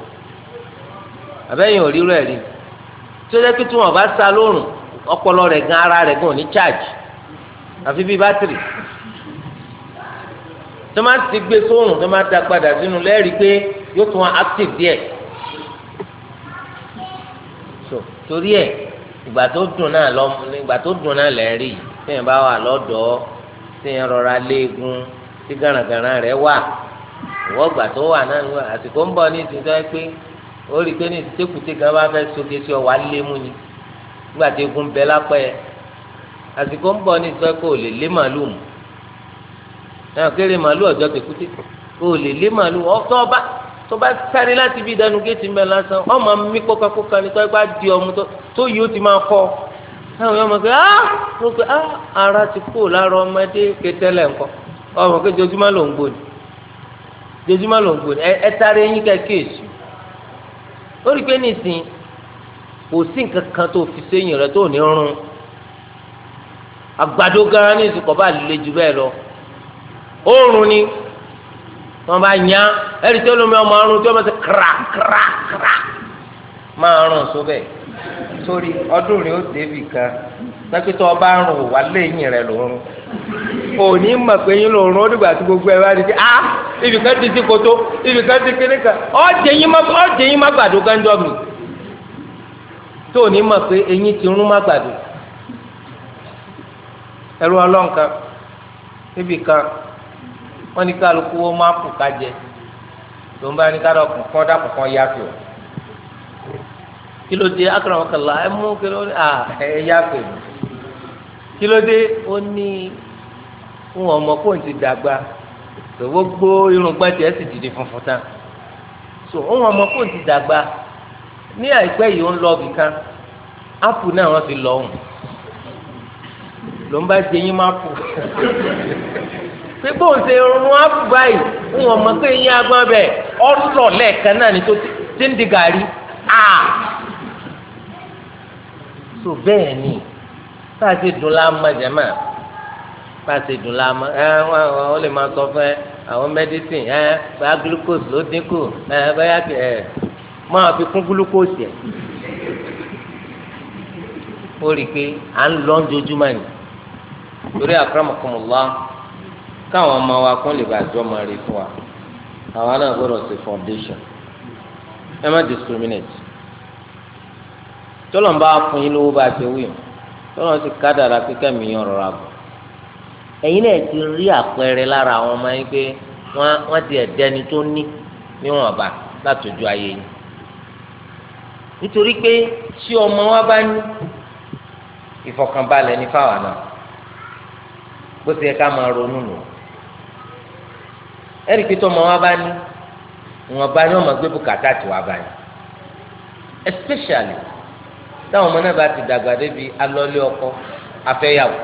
àbẹ́yìn òrírò ẹ̀rí tó yẹ kí tí wọn bá sa lóòrùn ọpọlọ rẹ̀ gan ara rẹ̀ gan ní charge àfi bíi bátìrì tó máa ti gbé sóòrùn tó máa da padà sínú lẹ́rìí pé yóò tún wọn active díẹ̀ torí ẹ̀ ìgbà tó dùn náà lọ ìgbà tó dùn náà lẹ́ rí téèyàn bá wà lọ́dọ̀ọ́ téèyàn rọra léegun tí gàràngàrà rẹ̀ wà ìwọ gbà tó wà náà níwọ àsìkò ń bọ̀ ní ìsìn tó yẹ pé ó rí i pé ní ìsìtẹ́kùtẹ́ kan bá fẹ́ soke sí ọ wà lé mú ni nígbà tí egun bẹ lápẹ́ yẹ àsìkò ń bọ̀ ní ìsìn tó yẹ pé ò lè lé màlúù mú náà kéré màlúù ọjọ́ tẹ̀kútẹ́ ò lè lé màlúù ọ̀tọ́ ọba tó bá sáré láti bí ìdánù géètì ń bẹ lásán ọmọ mi kókakóka ní tó yẹ di ọmú tó yìí ó ti máa kọ́ táwọn yọmọ pé ah mo ah ara ti kú lára ọmọdé kétẹ́lẹ̀ nǹkan ọmọ kéjojúmọ́ dojúmọ́ ló ń gbòòrò ẹ sáré yín kẹ́kẹ́ẹ̀sì ó rí i pé nìsín kò sí nǹkan kan tó fi rẹ tó ní rún àgbàdo gan ní ìsìnkọ́ bá lè bẹ́ẹ̀ lọ oorun ni wọn bá yá ẹ̀rí tí olómi ọmọ ọrùn tí wọn bá ti kra kra kra máa rún sórí ọdún rẹ ó débì kan ọba rún wà lẹ́yìn rẹ lòún òní mọ̀ pé yín ló rún tí gbogbo ẹ wá di pé ah, ibìkan ti koto ibìkan ti kíní kan ọ̀jẹ̀ yín má ma yín má gbàdo gánjọ́ mi tó òní mọ̀ pé eyín ti rún má gbàdó ẹ̀rù ọlọ́nkan ibìkan wọ́n kálukú ń kí ló dé ẹ mú kí ló kí ló dé ó ní ń wọn ọmọ kóun ti dàgbà tó gbogbo irun gbàtí ẹ sì dìde funfun tán so ń wọn ọmọ kóun ti dàgbà ní àìpẹ́ yìí ó ń lọ bìkan ápù náà wọ́n fi lọ òun ló ń bá ṣe yín má pù pé bóun ṣe rún ápù báyìí ń wọn ọmọ pé yín agbọ́n bẹ̀ ọ́ lọ lẹ́ẹ̀kan náà ní tó ti ń di gàrí ah! so bẹ́ẹ̀ ni bá a ti dùn láàmú jẹ́mà bá a ti dùn láàmú ẹ ọ lè máa sọ fún ẹ àwọn mẹdísìn ẹ bá glucose ló dínkù ẹ bá yà kẹ ẹ máa kún glucose yẹ ó rí i pé à ń lọ ojoojúmọ́ ni torí akramakumullah káwọn ọmọ wa kún lè bàjọ́ máa rí fún wa àwa náà gbọ́dọ̀ ṣe foundation ẹ má discriminate tọ́lọ̀ ń bá fún yín lówó bá a ṣe wí o tọ́lọ́ ti kádàrà kíkẹ́ mi yàn rọra bọ̀ ẹ̀yin náà ti rí àpẹẹrẹ lára àwọn ọmọ yín pé wọ́n ti ẹ̀dẹ́ni tó ní níwọ̀nba látòjú ayé yín nítorí pé tí ọmọ wa bá ní ìfọ̀kànbalẹ̀ ní fáwọn náà bó ti yẹ ká máa ronú nù ẹ̀rí pé tọmọ wa bá ní ìwọ̀nba ni wọ́n máa gbé bùkátà tiwa bá ní especially táwọn ọmọ náà bá ti dàgbà débi alọ́lé ọkọ afẹ́yàwó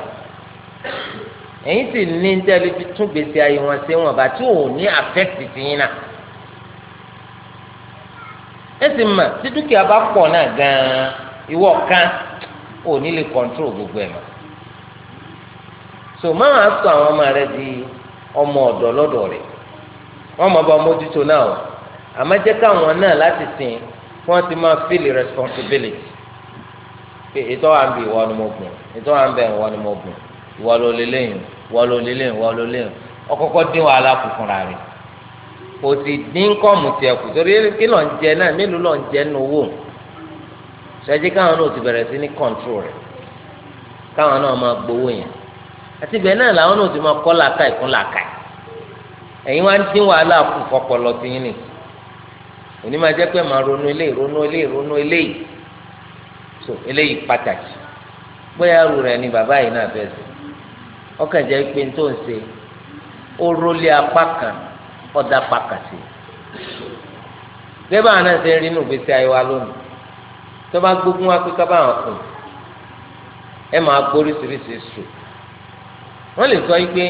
ẹ̀yin sì ní tẹ́lẹ̀ fi tún gbèsè ayé wọn ṣe wọn bá tí ò ní àfẹ́tì tìyín náà ẹ sì mà tí dúkìá bá pọ̀ náà gan-an ìwọ kan ò ní lè kọ́ńtrol gbogbo ẹ̀ mọ́ so máa sọ àwọn ọmọ rẹ di ọmọ ọ̀dọ̀ lọ́dọ̀ rẹ̀ wọ́n mọ̀ bá mójútó náà o àmọ́ jẹ́ káwọn náà láti sìn wọ́n ti máa feel responsibility pé ètò wà ń bẹ ìwọ ni mo bùn ètò wà ń bẹ ìwọ ni mo bùn ìwọ ló lélẹyìn ìwọ ló lélẹyìn ìwọ ló lélẹyìn ọkọkọ dín wàhálà kù fúnra rẹ̀ kò sì dín kọ́ọ̀mù tiẹ̀ kù torí kí lọ́n jẹ náà mélòó lọ́n jẹ nínú owó ṣẹ́jí káwọn náà ti bẹ̀rẹ̀ sí ní kọ́ńtró rẹ̀ káwọn náà máa gbowó yẹn àti bẹ́ẹ̀ náà làwọn náà ti máa kọ́ làákà ìkún làákà ẹ̀yin wá ń dín wàhálà kù fọpọlọ tiyín nì òní máa jẹ́ pé màá ronú eléyìí ronú eléyìí ronú eléyìí so eléyìí pàtàkì bóyá ru rẹ ni bàbá yìí náà fẹ́ ṣe ọkàn pé n tó ń ṣe ó rólé apá kan ọ̀dà pàkàtì débà náà ṣe ń rí inú gbèsè ayé wa lónìí tó bá gbógun wá pé ká bá kùn ẹ máa gbóríṣiríṣi sùn lè sọ yìí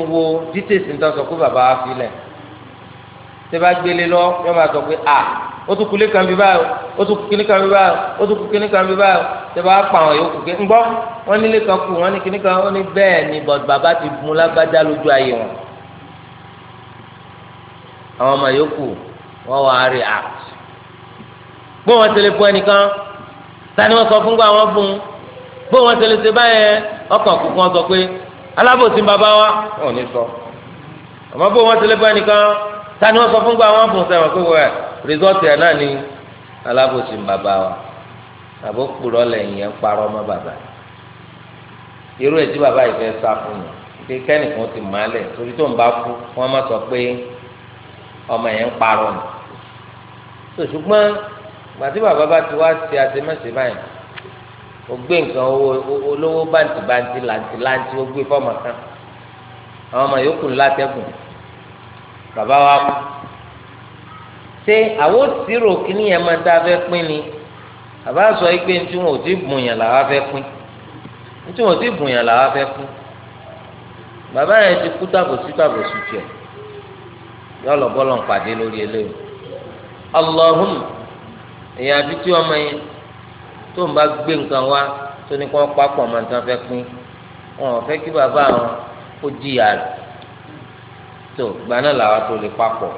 n wo dítèsí ń tọ́ sọ pé bàbá wa fi lẹ̀. tẹ́bá gbélé lọ yọ máa sọ pé a ó tún kulé kan bí báyìí ó tún kíní kan bí báyìí ó tún kíní kan bí báyìí tẹ́bá pa àwọn yòókù pé ńgbọ́ wọ́n nílé kan kù wọ́n ní kíní kan wọ́n ní bẹ́ẹ̀ ni bàbá ti mú lágbájá lójú ayé wọn. àwọn ọmọ yòókù wọ́n wá rí act gbọ́ wọn tẹ̀lé fún ẹnìkan tani wọn sọ fún gbọ́ àwọn fún gbọ́ wọn tẹ̀lé ṣe báyẹn ọkàn kù kan sọ pé alábòsí bàbá wa wọn ní sọ àmọ́ gbọ́ wọn tẹ̀lé fún ẹnìkan tani wọn sọ fún gba wọn fún sẹwọn pé wẹ rìsọ́ọ̀tì ẹ̀ náà ni alábòsí ń bàbá wa àbó kpọ̀rọ̀ lẹ́yìn ẹ̀ ń parọ́ mọ́ bàbá irú ẹ̀ tí bàbá yìí fẹ́ sá fún mi pé kẹ́nìkan ti máa lẹ̀ torí tó ń bá kú wọ́n má sọ pé ọmọ yẹn ń parọ́ ni tó ṣùgbọ́n gbàtí bàbá bá ti wá ti àtẹmẹ́sẹ̀ báyìí ó gbé nǹkan olówó bàǹtìbàǹtì làǹtìlàǹtì ó gbé fọ́ọ̀mù kan àwọn ọmọ yòókù ńlá tẹ́gùn bàbá wa kú ṣé àwọn òsirò kìíní yẹn máa dá fẹ́ pín ni bàbá sọ yìí pé ntí wọn ò ti bùn yàn làwa fẹ́ pín ntí wọn ò ti bùn yàn làwa fẹ́ pín bàbá yẹn ti kú tàbòsí tàbòsí tiẹ̀ yọ lọ ń pàdé lórí eléyìí Allahum èyàn àbí tí ọmọ yẹn tó ń bá gbé nǹkan wá tó ní kó pápọ̀ máa ń tán fẹ́ pín wọn ò fẹ́ kí bàbá wọn kó jìyà rẹ̀ tó gba náà làwa tó lè papọ̀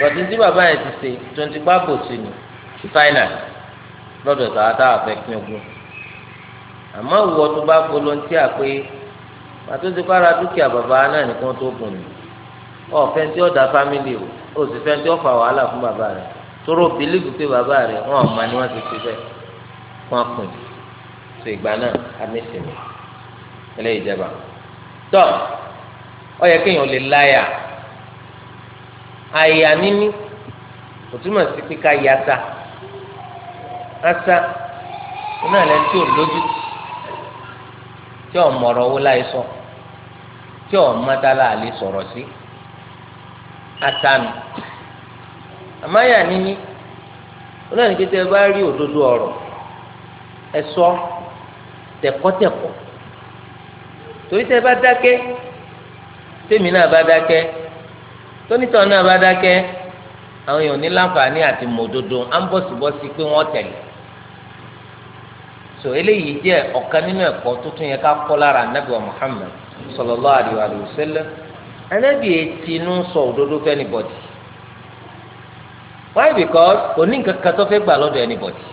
bọ̀dé tí bàbá yẹn ti ṣe twenty pápò sí ni final lọ́dọ̀ tàwa táwa fẹ́ pín ogún àmọ́ ìwọ tó bá volunteer pé pàtó ti kára dúkìá bàbá náà nìkan tó gùn ni ọ̀fẹ́ tí ọ̀dà fámìlì o òsì fẹ́ tí ọ̀fà wàhálà fún bàbá rẹ̀ tóró bìlíìfù pé bàbá rẹ̀ wọn ò mọ ni wọ́n ti fi bẹ́ẹ̀ wọ́n pin so náà amẹ́sìmì ẹlẹ́yìí jẹba tọ́. So, ó yẹ kéèyàn lè láyà àyà níní kò túmọ̀ sí pé ká yasa asa náà lẹni tí ò lójú tí ò mọ̀rọ̀ owó láì sọ tí ò mọ́tálà àlè sọ̀rọ̀ sí asanu àmọ́ àyà níní náà ní kété bá rí òdodo ọ̀rọ̀ ẹ sọ tẹ̀kọ́tẹ̀kọ́ torí tẹ bá dákẹ́ tèmi náà bá dákẹ́ tónítọ̀ náà bá dákẹ́ àwọn èèyàn ní láǹfààní àti mòdodo à ń bọ̀sibọ́sí pé wọ́n tẹ̀lé so eléyìí jẹ́ ọ̀kan nínú ẹ̀kọ́ tuntun yẹn ká kọ́ lára anabi wa Muhammad sallallahu alaihi wa sallam anabi etí inú sọ òdodo fẹ́ anybody why because kò ní nǹkan kan tó fẹ́ gbà lọ́dọ̀ anybody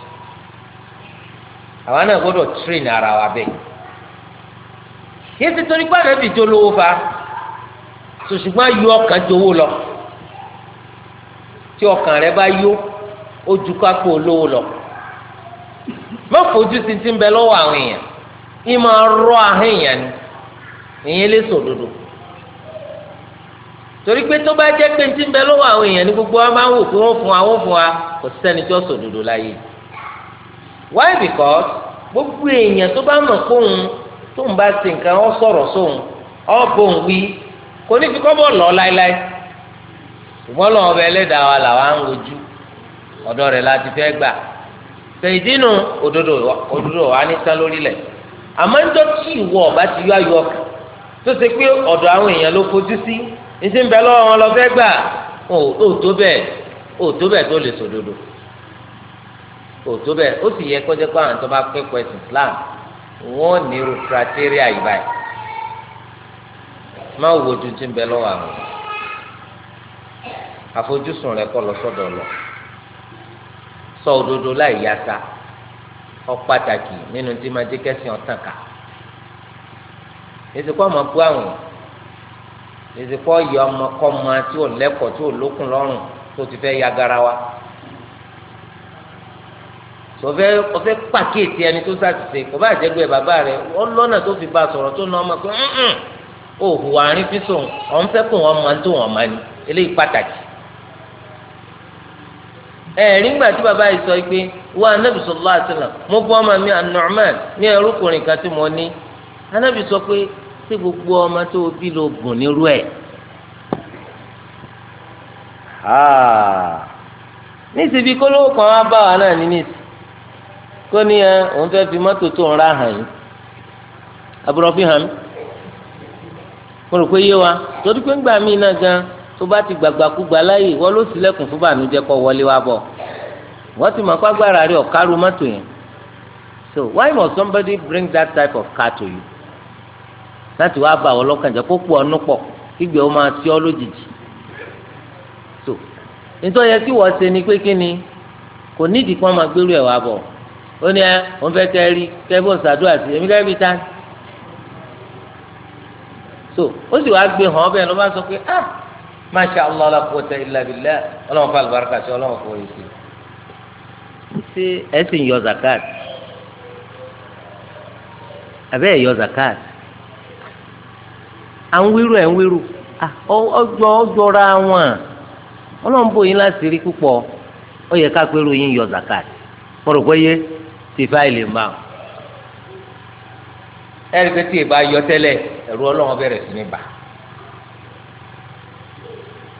àwọn náà gbọ́dọ̀ train ara wa bẹ́ẹ̀ yéé ti torí pé anabi jó lówó fa sòṣùgbọ́n ayò ọkàn jowó lọ tí ọkàn rẹ bá yó ó ju kápò olówó lọ má fojú sí ti ń bẹ lọ́wọ́ àwọn èèyàn ní máa rọ ahọ́n èèyàn ni èèyàn lè sòdodo torí pé tó bá jẹ́ pé ti ń bẹ lọ́wọ́ àwọn èèyàn ni gbogbo wa máa ń wò pé wọ́n fún wa wọ́n fún wa kò sẹ́ni tí sòdodo láyé why because gbogbo èèyàn tó bá mọ̀ kóhun tóun bá ṣe nǹkan ó sọ̀rọ̀ sóhun ó bóun wí kò ní fi kọ́bọ̀ láéláé ṣùgbọ́n náà ọbẹ̀ ẹlẹ́dàá wa làwa ń wojú ọ̀dọ́ rẹ̀ láti fẹ́ gbà tẹ̀yìdínú òdodo òdodo wa ní sá lórílẹ̀ àmọ́ ń tí ìwọ ti yọ tó ṣe pé ọ̀dọ̀ àwọn ti ń bẹ lọ́wọ́ lọ fẹ́ gbà tó bẹ́ẹ̀ bẹ́ẹ̀ tó lè sòdodo bẹ́ẹ̀ ó sì yẹ kó jẹ́ pé àwọn tó bá pẹ́ pẹ́ sí Islam wọ́n ní yìí má wo ju ti ń bẹ lọ́wọ́ àwọn àfojúsùn rẹ kọ́ lọ sọ́dọ̀ lọ sọ òdodo láì yasa ọ pàtàkì nínú tí máa jẹ́ kẹ́sìn ọ̀tàn ká èsì kọ́ ọmọ kú àwọn èsì kọ́ yọ ọmọ kọ́ ọmọ tí ò lẹ́kọ̀ọ́ tí ò lókun lọ́rùn tó ti fẹ́ ya garawa ọfẹ ọfẹ pàkíyèsí ẹni tó sàtìsẹ kò bá jẹ gbé bàbá rẹ ọlọ́nà tó fi bá sọ̀rọ̀ tó nà ọmọ pé o hùwà àrín fífún ọ̀n fẹ́ kó wọn máa tó wọn máa ní eléyìí pàtàkì. ẹ̀rí ńgbà tí bàbá yìí sọ pé wọ́n anábì sallallahu alaihi mo bọ́ ọmọ mi ní ẹrúkùnrin kan tí mo ní anábì sọ pé ṣé gbogbo ọmọ tó o bí lo gùn nírú ẹ̀. níṣìbí kólówó kan á bá wa náà ní níṣì kó ní ẹ òun fẹ́ fi mọ́tò tó ń ra hàn yín àbúrò fi hàn mo rò pé yé wa torí pé ńgbà míì náà gan tó bá ti gbàgbàkúgbà láàyè wọ́n ló sílẹ̀kùn fún bànújẹ́ kọ́ wọlé wa bọ̀ wọ́n ti mọ̀ pàgbára rẹ̀ ọ̀kárù mọ́tò yẹn so why must somebody bring that type of car to you láti wá bá àwọn ọlọ́kàn jẹ́ kó pọ̀ ọ́nú pọ̀ kígbẹ́ ó máa tí ọ́ lójijì so nítorí yẹ kí wọ́n ṣe ni pé kí ni kò nídìí kí wọ́n máa gbérù ẹ̀ wá bọ̀ ó ní ẹ òun fẹ́ kẹ́ rí kẹ́ bó ń sí èmi kẹ́ tán so ó sì wáá gbé hàn bẹ́ẹ̀ ló bá sọ pé ah masha allah la quwwata ilà billah ọlọ́run fa àlùbáríkà sí ọlọ́run fọ sí. ṣé ẹ sì ń yọ zakat ẹ̀ yọ zakat à ń wíru ẹ̀ ń wíru ọjọ́ ah, ọjọ́ra wọn ẹ̀rù ọlọ́wọ́n bẹ̀rẹ̀ sí ní bà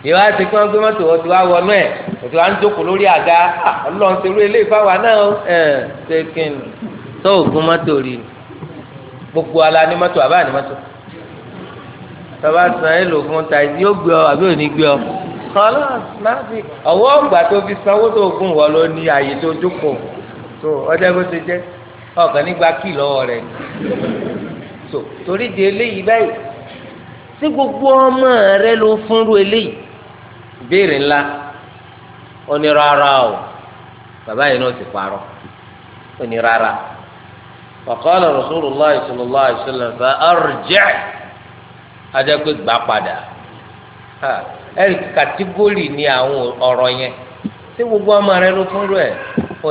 ìwà ti pé wọn gbé mọ́tò wọn ti wá wọnú ẹ̀ ètò à ń jókòó lórí àga ah, ọlọ́run ti rú eléyìí fáwa náà ẹ̀ ṣe kí ni tó ògùn mọ́tò rí ni gbogbo ala ní mọ́tò àbá ní mọ́tò tọ́ba san èlò fún ta ìdí yóò gbé ọ àbí òní gbé ọ kọ́lá láti ọwọ́ ọgbà tó fi sanwó tó gùn wọ́ ló ní àyè tó jókòó tó ọjọ́ bó ti jẹ́ ọ̀kan nígbà kí lọ́wọ́ rẹ̀ so torí di eléyìí báyìí tí gbogbo ọmọ rẹ ló fúnru eléyìí béèrè ńlá ó ní rárá o bàbá yìí náà ti parọ́ ó ní rárá wàkọ́lá rasulillah sallallahu alayhi wa sallam fa arjẹ́ ajakpe gbà padà ẹ̀rí kàtígórì ni àwọn ọ̀rọ̀ yẹn tí gbogbo ọmọ rẹ ló fúnru ẹ̀ ó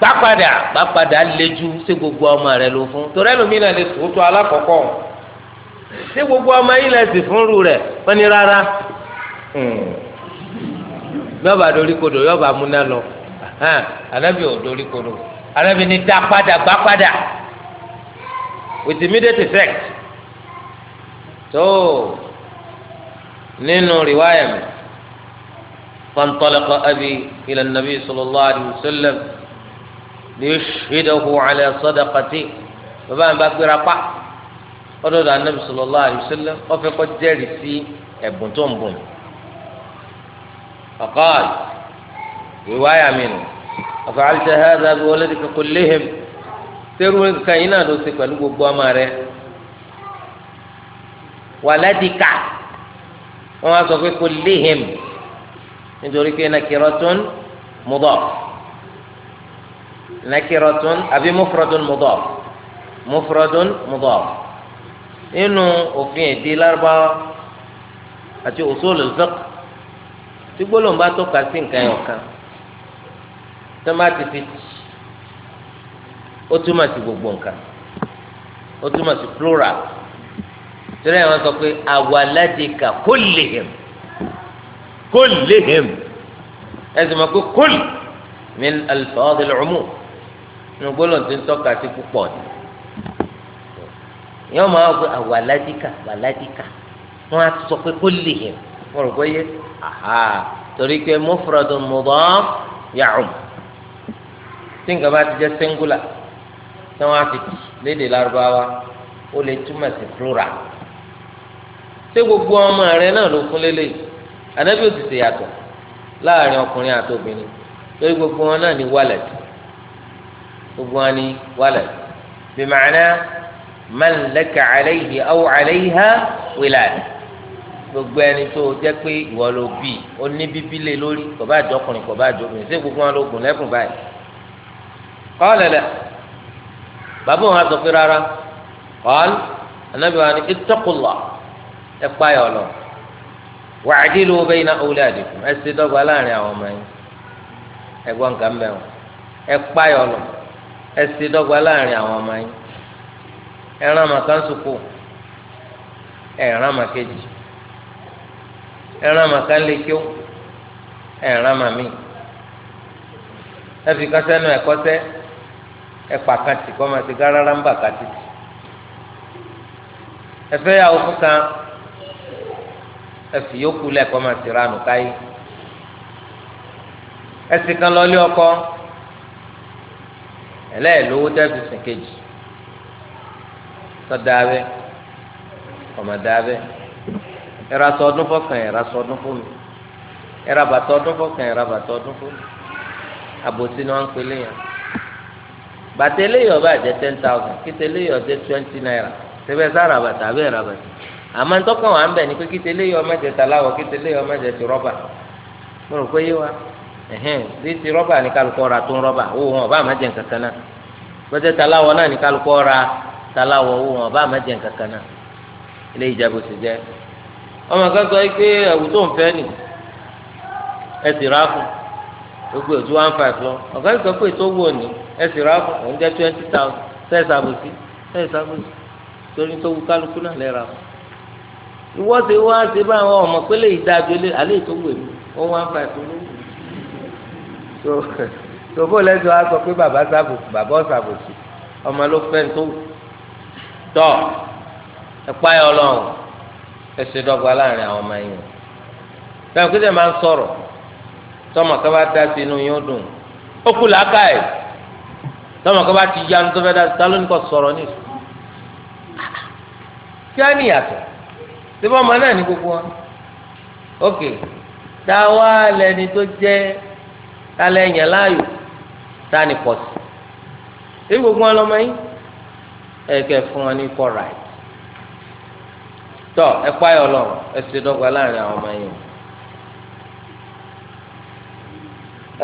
gbàpadà gbàpadà lẹ́jú sí gbogbo ọmọ rẹ ló fún torí ẹlòmíín náà lè sòótọ́ alákọ̀ọ́kọ́ sí gbogbo ọmọ yìí lè sì fún rú rẹ wọ́n ní rárá hmm. yọba dorí kodò yọba múná lọ anabi ò dorí kodò anabi ní dá padà gbàpadà with immediate effect tó nínú rìwáyà mi fantalaqa abi ila nabi sallallahu liyashhidahu ala sadaqati bàbá mi bá gbéra pa ọdọdọ anabi sallallahu alaihi wasallam ọfẹ kọ jẹ́rìí sí ẹbùn tó ń bùn ọkọọl riwaya mi nù ọfẹ alisa hadha bi waladika kullihim sẹrù nǹkan yìí náà ló ṣe pẹ̀lú gbogbo ọmọ rẹ̀ waladika wọn á sọ pé kullihim nítorí pé nàkìrọtún mudaf nakiratun àbí mufradun mudaf mufradun mudaf nínú òfin èdè lárúbáwá àti usulul fiqh tí gbólóhùn bá tọ́ka sí nǹkan ẹ̀ ọ̀kan tó má ti fi ó túmọ̀ sí gbogbo nǹkan ó túmọ̀ sí plural torí àwọn sọ pé awaladika kullihim kullihim ẹ mọ̀ pé kólì min alfaadhi al-umum inú gbólóhùn tó ń tọ́ka sí púpọ̀ ni yọ́n máa wọ àwàládìkà ah, wàládìkà wọ́n á sọ pé kó lè yẹn wọ́n rò pé yẹ aha torí pé mufradun mudaf ya'um tí nǹkan bá ti jẹ́ singular tí wọ́n á ti tì léde lárúbáwá ó lè túmọ̀ sí plural ṣé gbogbo ọmọ rẹ náà ló fún lélẹ̀ ànábì ó ti ṣèyàtọ̀ láàrin ọkùnrin àti obìnrin lórí gbogbo wọn náà ní walad gbogbo wọn ní walad bima'na man laka alayhi aw alayha wilad gbogbo ẹni tó jẹ́ pé ìwọ ló bí ó ní bíbí lé lórí kò bá jọkùnrin kò bá jọkùnrin ṣé gbogbo wọn ló gùn lẹ́kùn báyìí qala la bàbá òun sọ pé rárá qala anabi wa ni ittaqullah ẹ pààyà ọlọ wa'dilu bayna awladikum ẹ ṣe dọ́gba láàrin àwọn ọmọ yẹn. ẹ̀gbọ́n nǹkan mẹwọn ẹ páyọ lọ ẹ sì dọ́gba láàrin àwọn ọmọ yín ẹ rán àmà kan sùkú ẹ rán àmà kejì ẹ rán àmà kan lè kíó ẹ rán àmà míì ẹ fi kan sẹ́nu ẹ pàkàtì kọ́ máa ti ń bà ẹsìn kan lọlé ọkọ ẹlẹ́ẹ̀lówó tẹ́sí sìn kejì sọdá abẹ ọmọdé abẹ ẹ̀rọ aṣọ ọdún fọkàn ẹ̀rọ aṣọ ọdún fún mi ẹ̀rọ àbàtọ̀ ọdún fọkàn ẹ̀rọ àbàtọ̀ ọdún fún mi àbòsí ni wọ́n ń pelé yẹn bàtà eléyìí ọba àjẹ ten thousand kíta eléyìí ọjẹ twenty naira tẹ́fẹ́ sára bàtà abẹ́ ẹ̀rọ bàtà àmọ́ ntọ́kàn wà ń bẹ̀ ni pé kíta eléyìí ọmọ ẹ̀jẹ̀ tàláwọ̀ kíta eléyìí ọmọ ẹ̀jẹ̀ ti rọ́bà mo rò pé yé wa ẹhẹn títí rọ́bà ní kálukọ́ ra tó ń rọ́bà owó wọn ọba àmàjẹ nǹkankan náà bọ́tẹ́ taláwọ̀ náà ní kálukọ́ ra taláwọ̀ owó wọn ọba àmàjẹ nǹkankan náà ilé ìjẹ́bù sì jẹ́ ọmọ kan sọ pé ẹ̀wù tó ń fẹ́ nì ẹ sì rà fún gbogbo ètò one five lọ ọ̀gá sọ pé tó wù òní ẹ sì rà fún òun jẹ́ twenty thousand sẹ́ẹ̀ sàbòsí sẹ́ẹ̀ sàbòsí torí tó wù kálukú náà lẹ́ra wọn ìwọ́sẹ̀ wá ṣe báwọn ọmọ pélé ìdájọ́ alẹ́ ìtòwò èmi ó one five lórí tó tó bó lẹ́sọ̀ á sọ pé bàbá sàbòsì bàbá ọ̀sàbòsì ọmọ ló fẹ́ tó tọ̀ ẹ̀pá yọ lọ́hùn ẹ̀ṣẹ̀ dọ́gba láàrin àwọn ọmọ yìí bẹ́ẹ̀ kí sẹ́ máa ń sọ̀rọ̀ tọmọ kọ́ bá dá sí inú yóò dùn ó kú làákà ẹ̀ tọmọ kọ́ bá ti yá ní tó fẹ́ dá sí tá ló ní kọ́ sọ̀rọ̀ ní ìsú kí á níyàtọ̀ síbọ̀ ọmọ náà ní gbogbo wọn ókè táwa lẹni tó jẹ́ tálẹ̀ ẹ̀yàn láàyò tá ni pọ̀ sí èyí gbogbo wọn lọ́mọ yín ẹ̀kẹ́ fún wọn ní kọ́ right tọ́ ẹ páyọ̀ lọ ẹ ṣe dọ́gba láàrin àwọn ọmọ yín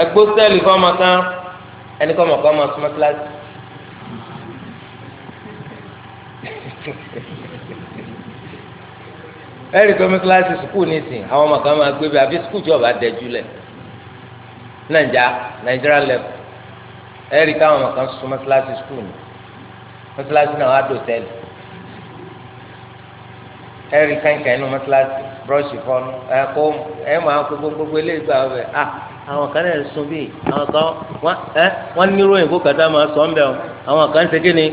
ẹ gbó sẹ́ẹ̀lì fọ́ọ̀mù kan ẹni kọ́ mọ̀ kọ́ mọ̀ súnmọ́ kíláàsì. ẹ̀rí kọ́ mi kíláàsì sùkúù nísìnyí àwọn ọmọ kan máa gbé bí àbí sùkúù tí ọba dẹjú lẹ̀ nàìjà nàìjíríà level ẹ̀rí káwọn ọmọ kan sún mọ́sálásí skul ni mọ́sálásí náà wá dò tẹ́lẹ̀ ẹ̀rí kankan inú mọ́sálásí búrọ́ọ̀ṣì fọ́nù ẹ̀kọ́ ẹ̀ máa kó gbogbo eléyìí gbà wẹ̀ à ah, àwọn kan náà sún bíi àwọn kan wọ́n ẹ́ wọ́n nírò òyìnbó kàtà máa sọ̀ ń bẹ̀ ọ́ àwọn kan ṣe kí ni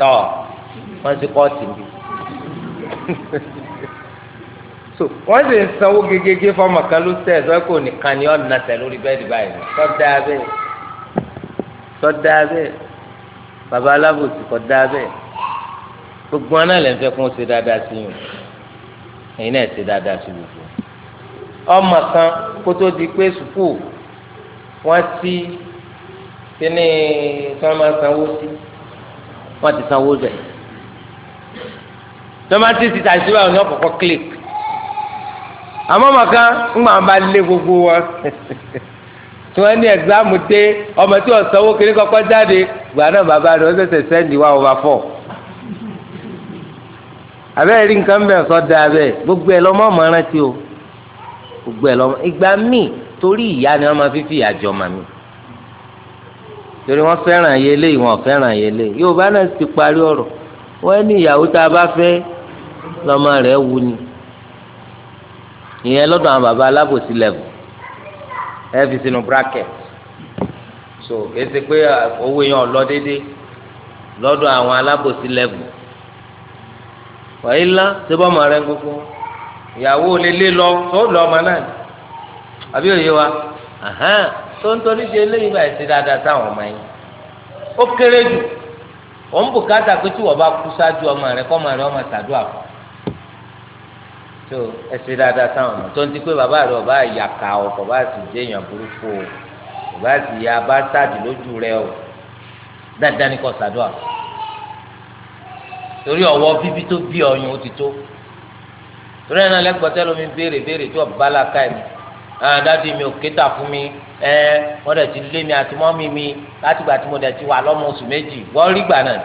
tọ́ wọ́n ṣe kọ́ọ̀tì bíi. so wọ́n sì ń sanwó gegege fọmọ kan ló tẹ̀ sọ kò nìkan ni ọ̀nà tẹ̀ lórí bẹ́ẹ̀dì báyìí sọ́dá bẹ́ẹ̀ sọ́dá bẹ́ẹ̀ bàbá alábòsí kọ́ dá bẹ́ẹ̀ gbogbo wọn náà lè fẹ́ kó ṣe dáadáa sí yìí ẹ̀yin náà ṣe dáadáa sí gbogbo ọmọ kan kó tó di pé sùkúù wọ́n ti kíní tí wọ́n máa sanwó sí wọ́n ti sanwó bẹ́ẹ̀ tọ́mátì ti tà síbà ní ọ̀kọ̀ọ̀kọ̀ click àmọ́ màkà ńgbà wọn bá lé gbogbo wọn tí wọ́n ní ẹ̀gzámù dé ọmọ tí wọ́n sanwó kiri kọ́kọ́ jáde gbà náà bàbá rẹ̀ ó ṣẹ̀ṣẹ̀ sẹ́ndì wá over four abẹ́rẹ́ rí nǹkan bẹ́ẹ̀ sọ da abẹ́ gbogbo ẹ̀ lọ́mọ ọmọ rántí o gbogbo ẹ̀ lọ́mọ ìgbà míì torí ìyá ni wọ́n máa fi fi àjọ màmí torí wọ́n fẹ́ràn ayé lé ìwọ̀n fẹ́ràn ayé lé Yorùbá náà ti parí ọ̀rọ̀ wọ́n ní ìyàwó ìyẹn lọ́dọ̀ àwọn baba alábòsí level ẹ sínú bracket so pé owó yẹn àwọn alábòsí level gbogbo ìyàwó lọ tó lọ ọmọ náà àbí òye wa tó ń torí di eléyìí báyìí dáadáa sáwọn ọmọ yẹn ó kéré jù òun bùkátà pé tí wọ́n bá kú ṣáájú ọmọ rẹ kọ́ ọmọ tó ẹsẹ dáadáa sáwọn ọmọ tó ń ti pé bàbá rẹ ọba àyàkà ọ bàbá àti jẹyàn burúkú o bàbá àti ya bàtàdì lójú rẹ o dáadáa ní kò sàdúà torí ọwọ́ bíbí tó bí ọyàn ó ti tó torí ẹ̀rọ lẹ́gbọ̀tẹ́ lómi béèrè béèrè tó ọba làkà mi dáàdi mi ò kéta fún mi ẹ wọ́n dẹ̀ ti lé mi àti mọ́mí mi láti gbà tí mo dẹ̀ ti wà lọ́mọ oṣù méjì wọ́n rí gbà náà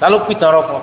ta ló pìtàn rọ fún ọ.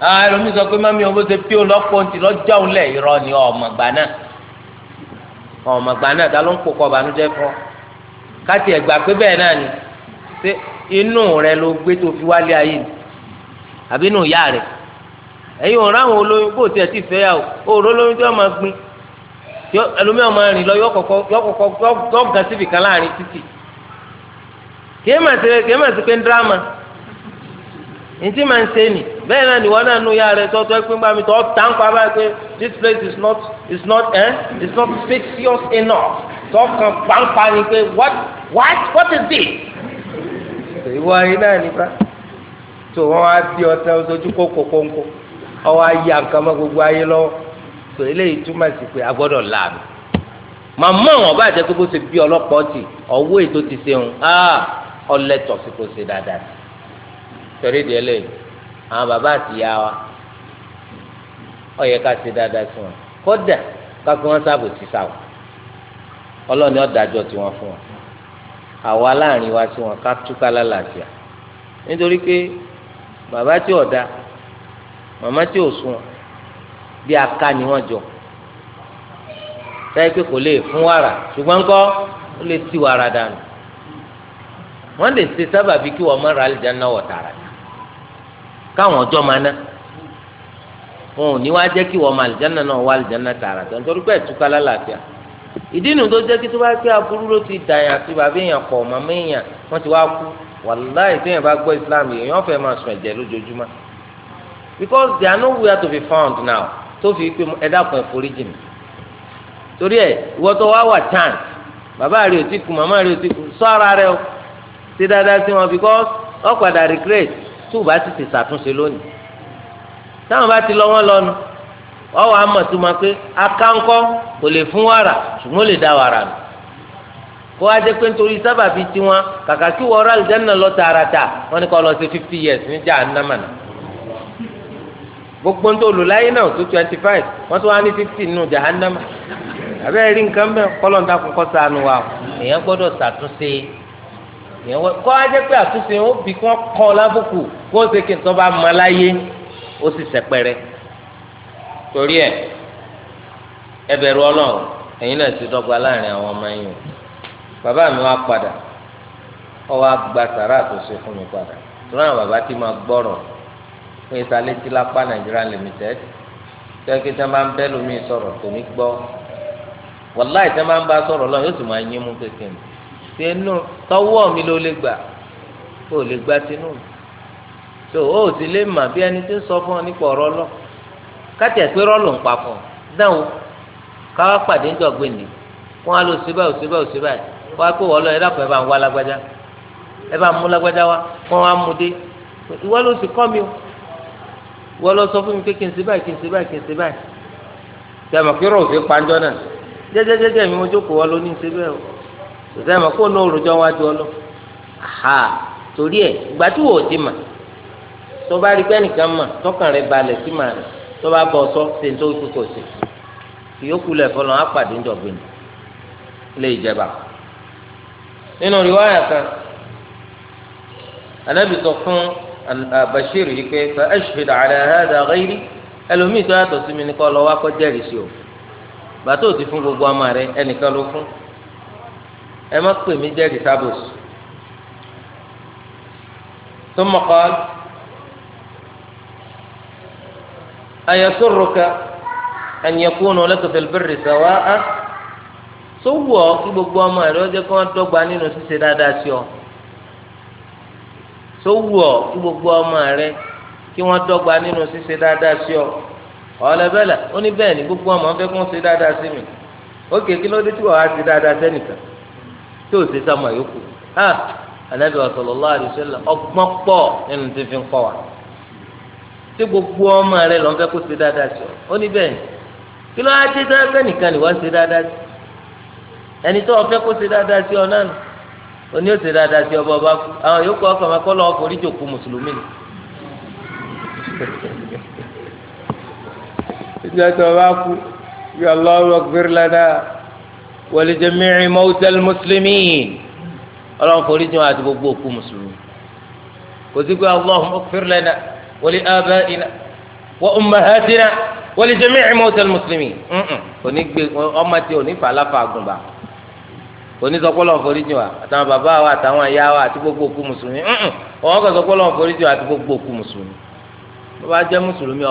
Ah, ẹlòmíì sọ pé mami ọmọ ṣe pí o lọ́pọ̀ ntì lọ́jà òun lẹ̀ irọ́ ni ọmọ gbà náà ọmọ gbà náà ta ló ń kókọ ọbànújẹ́ fọ káti ẹ̀gbà pé bẹ́ẹ̀ náà ni ṣé inú rẹ ló gbé tó fi wálé ayé ni àbí inú ìyá rẹ ẹ̀yin òun ráwọn olóyún kó o tiẹ̀ ti fẹ́ yà o òòró lóyún tí wọ́n máa gbin ẹlòmíì ọmọ rìn lọ yọ kọ̀kọ́ yọ kọ̀kọ́ yọ gan síbi kan láàrin títì kèémà sí pé ń dírámà ntí máa ń ṣe nìyí bẹ́ẹ̀ náà ni wọ́n náà nu ya rẹ̀ tọ́tọ́ ẹ pé mi tọ́ ta ń pé this place is not is not eh is not spacious enough tọ́ kan pàǹpà ni pé what what what is this. ìwọ ayé náà nípa tó wọn wá bí ọtá ojú kókó kónkó ọwọ́ ayé àǹkàmọ́ gbogbo ayé lọ́wọ́ tó eléyìí túmọ̀ sí pé a gbọ́dọ̀ làánù màmá àwọn ọba àti ẹgbẹ́ ṣe bí ọlọ́pàá ti ọwọ́ ètò ti ṣeun ah, ọlẹ́tọ̀ sí kò ṣe dáadáa torí ìdí ẹlẹ́yìn àwọn bàbá àti ìyá wa ó yẹ ká ṣe dáadáa sí wọn kódà kápẹ́ wọn sáàbò sí sáwọ ọlọ́ọ̀ni ọ̀dàjọ́ tí wọ́n fún wọn àwa láàrin wa sí wọn ká túká lálàáfíà nítorí pé bàbá tí ò da màmá tí ò sùn bí aká ni wọ́n jọ sáyé pé kò lè fún wàrà ṣùgbọ́n ńkọ́ ó lè ti wàrà dànù wọ́n lè ṣe sábàbí kí wọ́n má ra àlìjáná wọ̀ tààràtà káwọn ọjọ́ máa ná wọn ní wá jẹ́ kí wọ́n máa àlìjáná náà wá àlìjáná tààrà tó nítorí pé ẹ̀túká lálàáfíà ìdí inú tó jẹ́ kí tó bá pé aburú ló ti dàyàn àti bàbá èèyàn kọ̀ màmá èèyàn wọ́n ti wá kú wàláì téèyàn bá gbọ́ ìsìláàmù èèyàn fẹ́ máa sùn ẹ̀jẹ̀ lójoojúmọ́ because they are nowhere to be found now tó fi pé ẹ dákun ẹ forí jìn torí ẹ ìwọ tó wá wà chance bàbá rẹ ò ti kú màmá rẹ ò ti kú sọ ara rẹ o ti dáadáa sí wọn because ọ padà regret tó o bá ti ti ṣàtúnṣe lónìí táwọn bá ti lọ wọn lọnu ọwọ amọtuma pé akáńkọ kò lè fún wàrà ṣùgbọ́n ó lè dá wàrà nù kó wá jẹ pé nítorí sábàbí tiwọn kàkà kí wọ́n rà lùdẹ́nà lọ tààràtà wọ́n ní kó lọ sí fifty years ní jahannamana gbogbo nítorí olùláyé náà tó twenty five wọ́n tún wá ní fifty nù jahannama àbẹ́rẹ́ rí nǹkan bẹ́ẹ̀ kọ́lọ́ńdà kọ́kọ́ sànù wa èèyàn gbọ́dọ̀ ṣàtúnṣe yẹn wọ kọ́ ajẹ́ pé àtúnṣe ó bì kí kọ́ lábùkù kó o ṣe kí n tọ́ bá mọ láyé ó sì sẹ́pẹ̀rẹ́ torí ẹ ọlọ́run ọmọ yìí bàbá mi wá padà ọ wá gba sàrà àtúnṣe fún mi padà torí àwọn bàbá tí máa gbọ́rọ̀ fún lápá nàìjíríà limited tẹ́kí tí wọ́n bá ń bẹ́ lómi sọ̀rọ̀ gbọ́ tí wọ́n bá tinú tọwọ́ mi ló lè gbà ó lè gbà tinú mi tó o sì lè mà bí ẹni tí ń sọ fún ọ nípa ọ̀rọ̀ lọ káàtì ẹ̀pẹ́ rọ́ọ̀lù ń pa fún ọ dáhùn káwá pàdé ńjọ gbèndé kó wọn lọ sí báyìí sí báyìí sí báyìí kó wọn pé wọ́n lọ ẹ dàpọ̀ ẹ bá ń wá lágbájá ẹ bá ń mú lágbájá wá kó wọn á mú dé ìwọ ló sì kọ́ mi o ìwọ ló sọ fún mi pé kí n sí kí n sí kí n sí báyìí tẹmọ̀ kí rò fi panjọ́ náà jẹ́jẹ́jẹ́jẹ́ mi mo jókòó wọn ló ní í ṣe o sọsẹ ma kó ní òrùjọ wájú ọ lọ ha torí ẹ ìgbà tí wò ó ti mà tó bá rí pẹ́nìkan mà tọkàn rẹ balẹ̀ sí mà rẹ tó bá bọ̀ sọ ṣe tó kú kò sí ìyókù lẹ̀ fọlọ́ á pàdé ńjọ̀gbìn lè jẹba nínú riwaya kan anabi sọ fún Bashir yìí pé fa ashhid ala hadha ghairi ẹlòmíì tó yàtọ̀ sí mi ní kọ́ lọ́wọ́ akọ́jẹ́rìí sí o bàtà ò ti fún gbogbo ọmọ rẹ ẹnìkan ló fún ẹ má pè mí jẹ́rìí sábòsì. ثم قال أيسرك أن يكون لك في البر سواء sowó ọ kí gbogbo ọmọ rẹ ọjọ kí wọn dọ́gba nínú ṣíṣe dáadáa sí ọ sowó ọ kí gbogbo ọmọ rẹ kí wọn dọ́gba nínú ṣíṣe dáadáa sí ọ ọlẹbẹlẹ bẹ́ẹ̀ ni gbogbo ọmọ fẹ́ kún ṣe dáadáa sí mi ó kéèké ló dé tí wọn á ṣe dáadáa sẹ́nìkan tí ò sí sáma yòókù hàn anabi sallallahu alaihi wasallam ọgbọ́n pọ̀ nínú tí fi ń kọ́ wa tí gbogbo ọmọ rẹ lọ́n fẹ́ kó ṣe dáadáa sí ó ní bẹ́ẹ̀ ni kí ló á dé dáadáa nìkan ni wọ́n ṣe dáadáa sí ẹni tó ọfẹ́ kó ṣe dáadáa sí ọ náà nù oní òṣèré dáadáa sí ọba ọba kú àwọn yòókù ọkọ máa kọ́ lọ́wọ́ forí jòkó mùsùlùmí ni. ìjọba ọba kú yọ lọ́wọ́ gbérí lánàá. ولجميع موتى المسلمين اللهم فرجنا عاد مسلمين وذكر اللهم اغفر لنا ولآبائنا وأمهاتنا ولجميع موتى المسلمين Wali ọmọ tí ò ní fàlàfà àgùnbà onísọpọlọ ọforíjì wa àtàwọn bàbá wa àtàwọn ìyá wa àti gbogbo gbogbo bàbá mùsùlùmí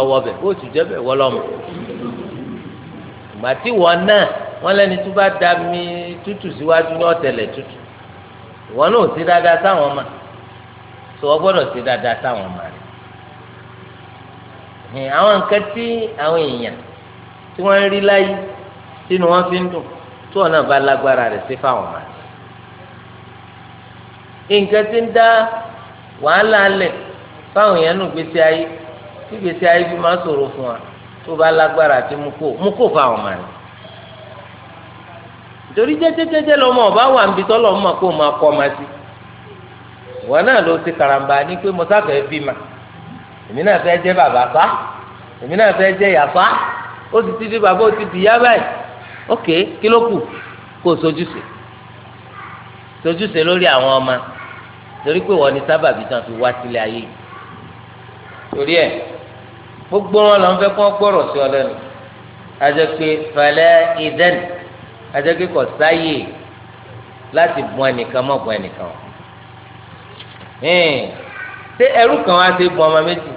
wọn náà wọn lẹni tó bá da mi tútù síwájú ní ọtẹlẹ tútù ìwọ náà ò sí dáadáa sáwọn ọmọ tó wọn gbọ́dọ̀ sí dáadáa sáwọn ọmọ rẹ àwọn nǹkan tí àwọn èèyàn tí wọn ń rí láyé sínú wọn fi ń dùn tó wọn náà bá lágbára rẹ sí fáwọn ọmọ rẹ nǹkan tí ń dá wàhálà alẹ fáwọn èèyàn nù gbèsè ayé tí gbèsè ayé fi máa sọ̀rọ̀ fún wa tó bá lágbára àti mú kó mú kó fáwọn ọmọ rẹ torí jẹ́jẹ́jẹ́jẹ́ lọ́mọ ọba wà níbi tọ́lọ̀ ọmọ kó máa kọ́ ọmọ sí ìwọ náà ló ti karamba ní pé mo sáfẹ́ bí ma èmi náà fẹ́ jẹ́ bàbá fa èmi náà fẹ́ jẹ́ ìyá fa ó ti ti di bàbá ó ti di ìyá báyìí ok kí ló kù kó sojúṣe sojúṣe lórí àwọn ọmọ torí pé wọ́n ní sábàbí tán fi wá sílé ayé yìí torí ẹ̀ gbogbo wọn lọ ń fẹ́ kó gbọ́rọ̀ sí ọ lẹ́nu àjẹpé fẹlẹ́ ìdẹ́nu ajẹ́ kíkọ̀ sáyè láti bùn ẹnìkan mọ̀ bùn ẹnìkan ṣé ẹrú kan wá ṣe bùn ọmọ méjì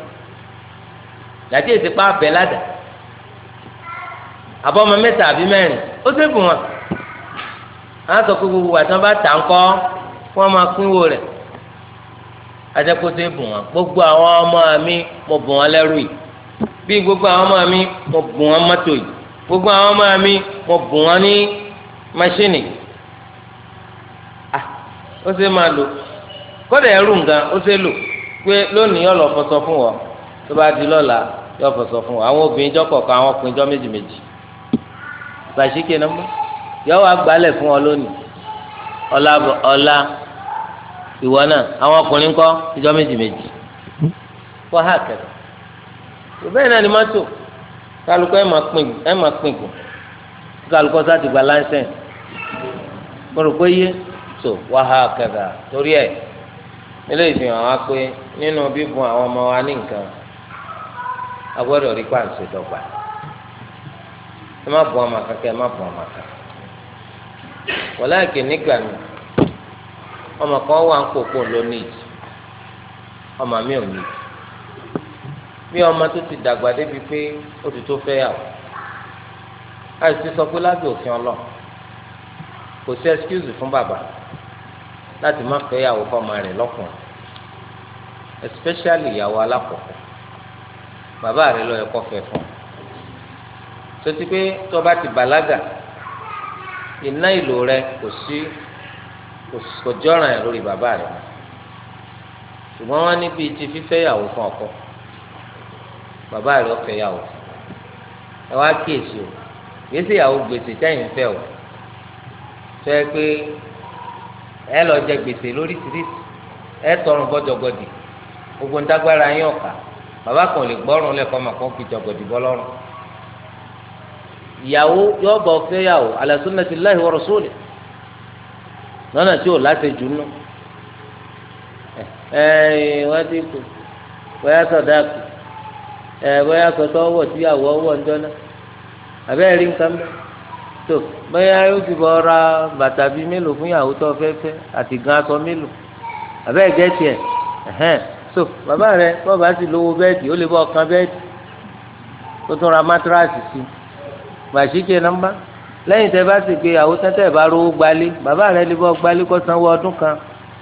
yàtí èsì pa abẹ ládà àbọ̀ ọmọ mẹ́ta àbí mẹ́rin ó ṣe bùn wọn á sọ pé gbogbo àti wọn bá tà ń kọ́ wọn máa pínwó rẹ̀ ajẹ́ kó ṣe bùn wọn gbogbo àwọn ọmọ mi mo bùn wọn lẹ́rú yìí bí gbogbo àwọn ọmọ mi mo bùn wọn mọ́tò yìí gbogbo àwọn ọmọ mi mo bùn wọn ní mashini ah ó ṣe máa lò kódà ẹrù nǹkan ó ṣe lò pé lónìí yọ lọ fọṣọ fún wọn tó bá di lọ́la yọ fọṣọ fún wọn àwọn obìnrin jọ kọ̀ọ̀kan àwọn ọkùnrin jọ méjì méjì gbàṣíkè náà mọ́ yọ wá gbálẹ̀ fún wọn lónìí ọ̀la ọ̀la ìwọ náà àwọn ọkùnrin kọ́ ìjọ méjì méjì wọ́n hà kẹ́kẹ́ bẹ́ẹ̀ náà ni mọ́tò kálukọ́ ẹ̀ máa pin gùn kálukọ́ sá ti gba láńsẹ̀nsì mo rò pé yé so wàhà kẹta torí ẹ nílé fi hàn pé nínú bíbùn àwọn ọmọ wa ní nǹkan a rí pàǹsẹ dọ́gba ẹ má bọ ọmọ kankan ẹ má bọ ọmọ kankan wọlé àìkè nígbà mi ọmọ kan wà ń kókó ló ní ìjì ọmọ mi ò ní ìjì bí ọmọ tó ti dàgbà débi pé ó ti tó fẹ́ yà àìsí sọ pé kò sí ẹsikúùsì fún bàbá láti má fẹ́ ìyàwó fọmọ rẹ̀ lọ́kùnrin especially ìyàwó alákọ̀ọ́kọ́ bàbá rẹ̀ ló yẹ kó fẹ́ fún sọtí pé tó bá ti bàlágà iná ìlò rẹ̀ kò sí kò jọràn ẹ̀ lórí bàbá rẹ̀ ṣùgbọ́n wọ́n ní bíi ti fífẹ́ ìyàwó fún ọkọ bàbá rẹ̀ ó fẹ́ ìyàwó ẹ wá kíyèsí o kìí ìyàwó gbèsè tẹ́yìn fẹ́ o. tó yẹ pé ẹ lọ jẹ gbèsè lóríṣiríṣi ẹ tọrùn gbọdọgbọdì gbogbo ń dágbára yín bàbá kan lè fi jọgọdì bọ́ lọ́rùn ìyàwó yọ bọ̀ fẹ́ yàwó ala sunnati tí ò láti jù nù ti kù bóyá tó bẹ́ẹ̀ ayé ó ti bọ̀ ra bàtà bíi mélòó fún ìyàwó tó fẹ́ fẹ́ àti gan aṣọ mélòó àbẹ́ ẹ̀gẹ́ tiẹ̀ ẹ̀hẹ́n so bàbá rẹ bọ́ọ̀bá sì lówó bẹ́ẹ̀dì ó lè bọ́ ọ̀kan bẹ́ẹ̀dì ó tún ra mátíráàsì sí bàṣíkè nọ́mbà lẹ́yìn tẹ́ bá sì pé àwọn tẹ́tẹ́ bá rówó gbalé bàbá rẹ lè bọ́ gbalé kó sanwó ọdún kan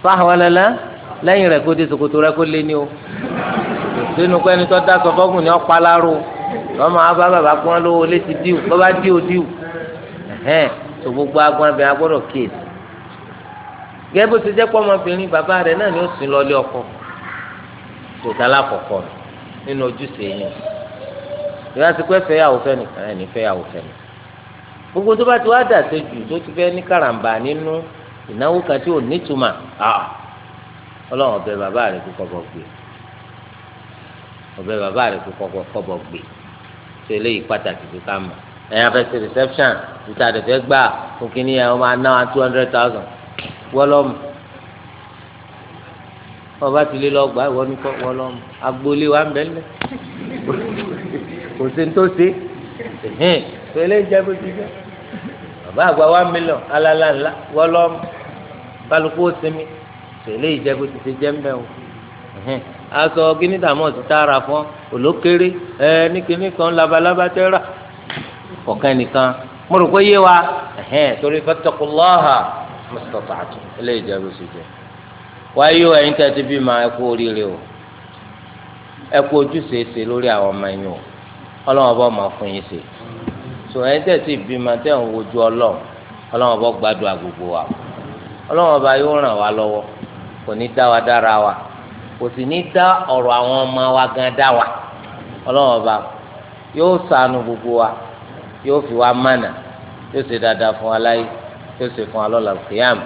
fáwọn lẹ́la lẹ́yìn rẹ̀ kó dé ṣòkòtò rẹ̀ kó lé ní o sínú pẹ́ni tó dá sọ fọ́gùn ni ẹ̀hẹ́n tó gbogbo agbọn agbọ́dọ̀ kíyèsí gẹ́gẹ́ bó ti jẹ́ pọ́ ọmọbìnrin bàbá rẹ̀ ni ó sin ọkọ tòtá lákọ̀ọ́kọ́ nínú ojúṣe yẹn ìyá ti pẹ́ fẹ́yàwó fẹ́ nìkan ẹ̀ ní fẹ́yàwó fẹ́ nìkan gbogbo tó bá ti wá dà sí jù tó ti fẹ́ ní karambà nínú ìnáwó kan tí ò nítumà ọlọ́run ọbẹ̀ bàbá rẹ̀ kó kọ́bọ̀ gbé ọbẹ̀ bàbá rẹ̀ kó kọ́bọ̀ gbé eléyìí pàtàkì ẹ̀yin afẹ́sẹ̀ reception títà àdẹ̀fẹ́ gbà fún kínní ẹ̀ wọ́n máa ná two hundred thousand wọ́lọ́mù ọba ti lé lọ́gbà ìwọ ní kọ́ wọ́n lọ́mù agboolé wa ń bẹ́lẹ̀ kò sí ní tó ṣe ẹ̀hìn tẹ́lẹ̀ jẹ́ bó ti jẹ́ bàbá àgbà one million alala ńlá wọ́n lọ́mù balùwẹ̀ ó sinmi tẹ́lẹ̀ ìjẹ́ bó ti ṣe jẹ́ ń bẹ̀ wọ́n aṣọ gínídàmọ́ ti tààrà fún olókèrè ẹ ní kíní kan labalábá tẹ́ rà kọ̀ọ̀kan nìkan mo rò pé yé wa ẹ̀hẹ́n torí fattaqullaha mastata'tum eléyìí jẹ́ bó ṣe jẹ́ wáyé o ẹ̀yin tẹ́ ti bí ma ẹ kú oríire o ẹ kú ojúṣe ṣe lórí àwọn ọmọ yín o ọlọ́wọ́n bá ma fún yín ṣe so ẹ̀yin tẹ́ bí ma tẹ́ ń wojú ọlọ́run ọlọ́wọ́n bá gbádùn àgbègbè wa ọlọ́wọ́n bá yóò ràn wá lọ́wọ́ kò ní dá wa dára wa kò sì ní dá ọ̀rọ̀ àwọn ọmọ wa gan dá wa ọlọ́wọ́n bá yóò ṣàánú gbogbo wa yóò fi wá mánà yóò ṣe dáadáa fún aláì yóò ṣe fún alọ́lá kìyàm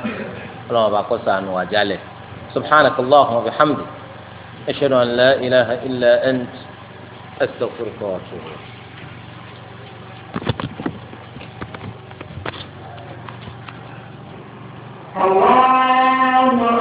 ọlọ́run ọba kó ṣàánú wa jálẹ̀ subhanak allahumma wa bihamdi ashhadu an la ilaha illa ant astaghfiruka wa atubu ilayk.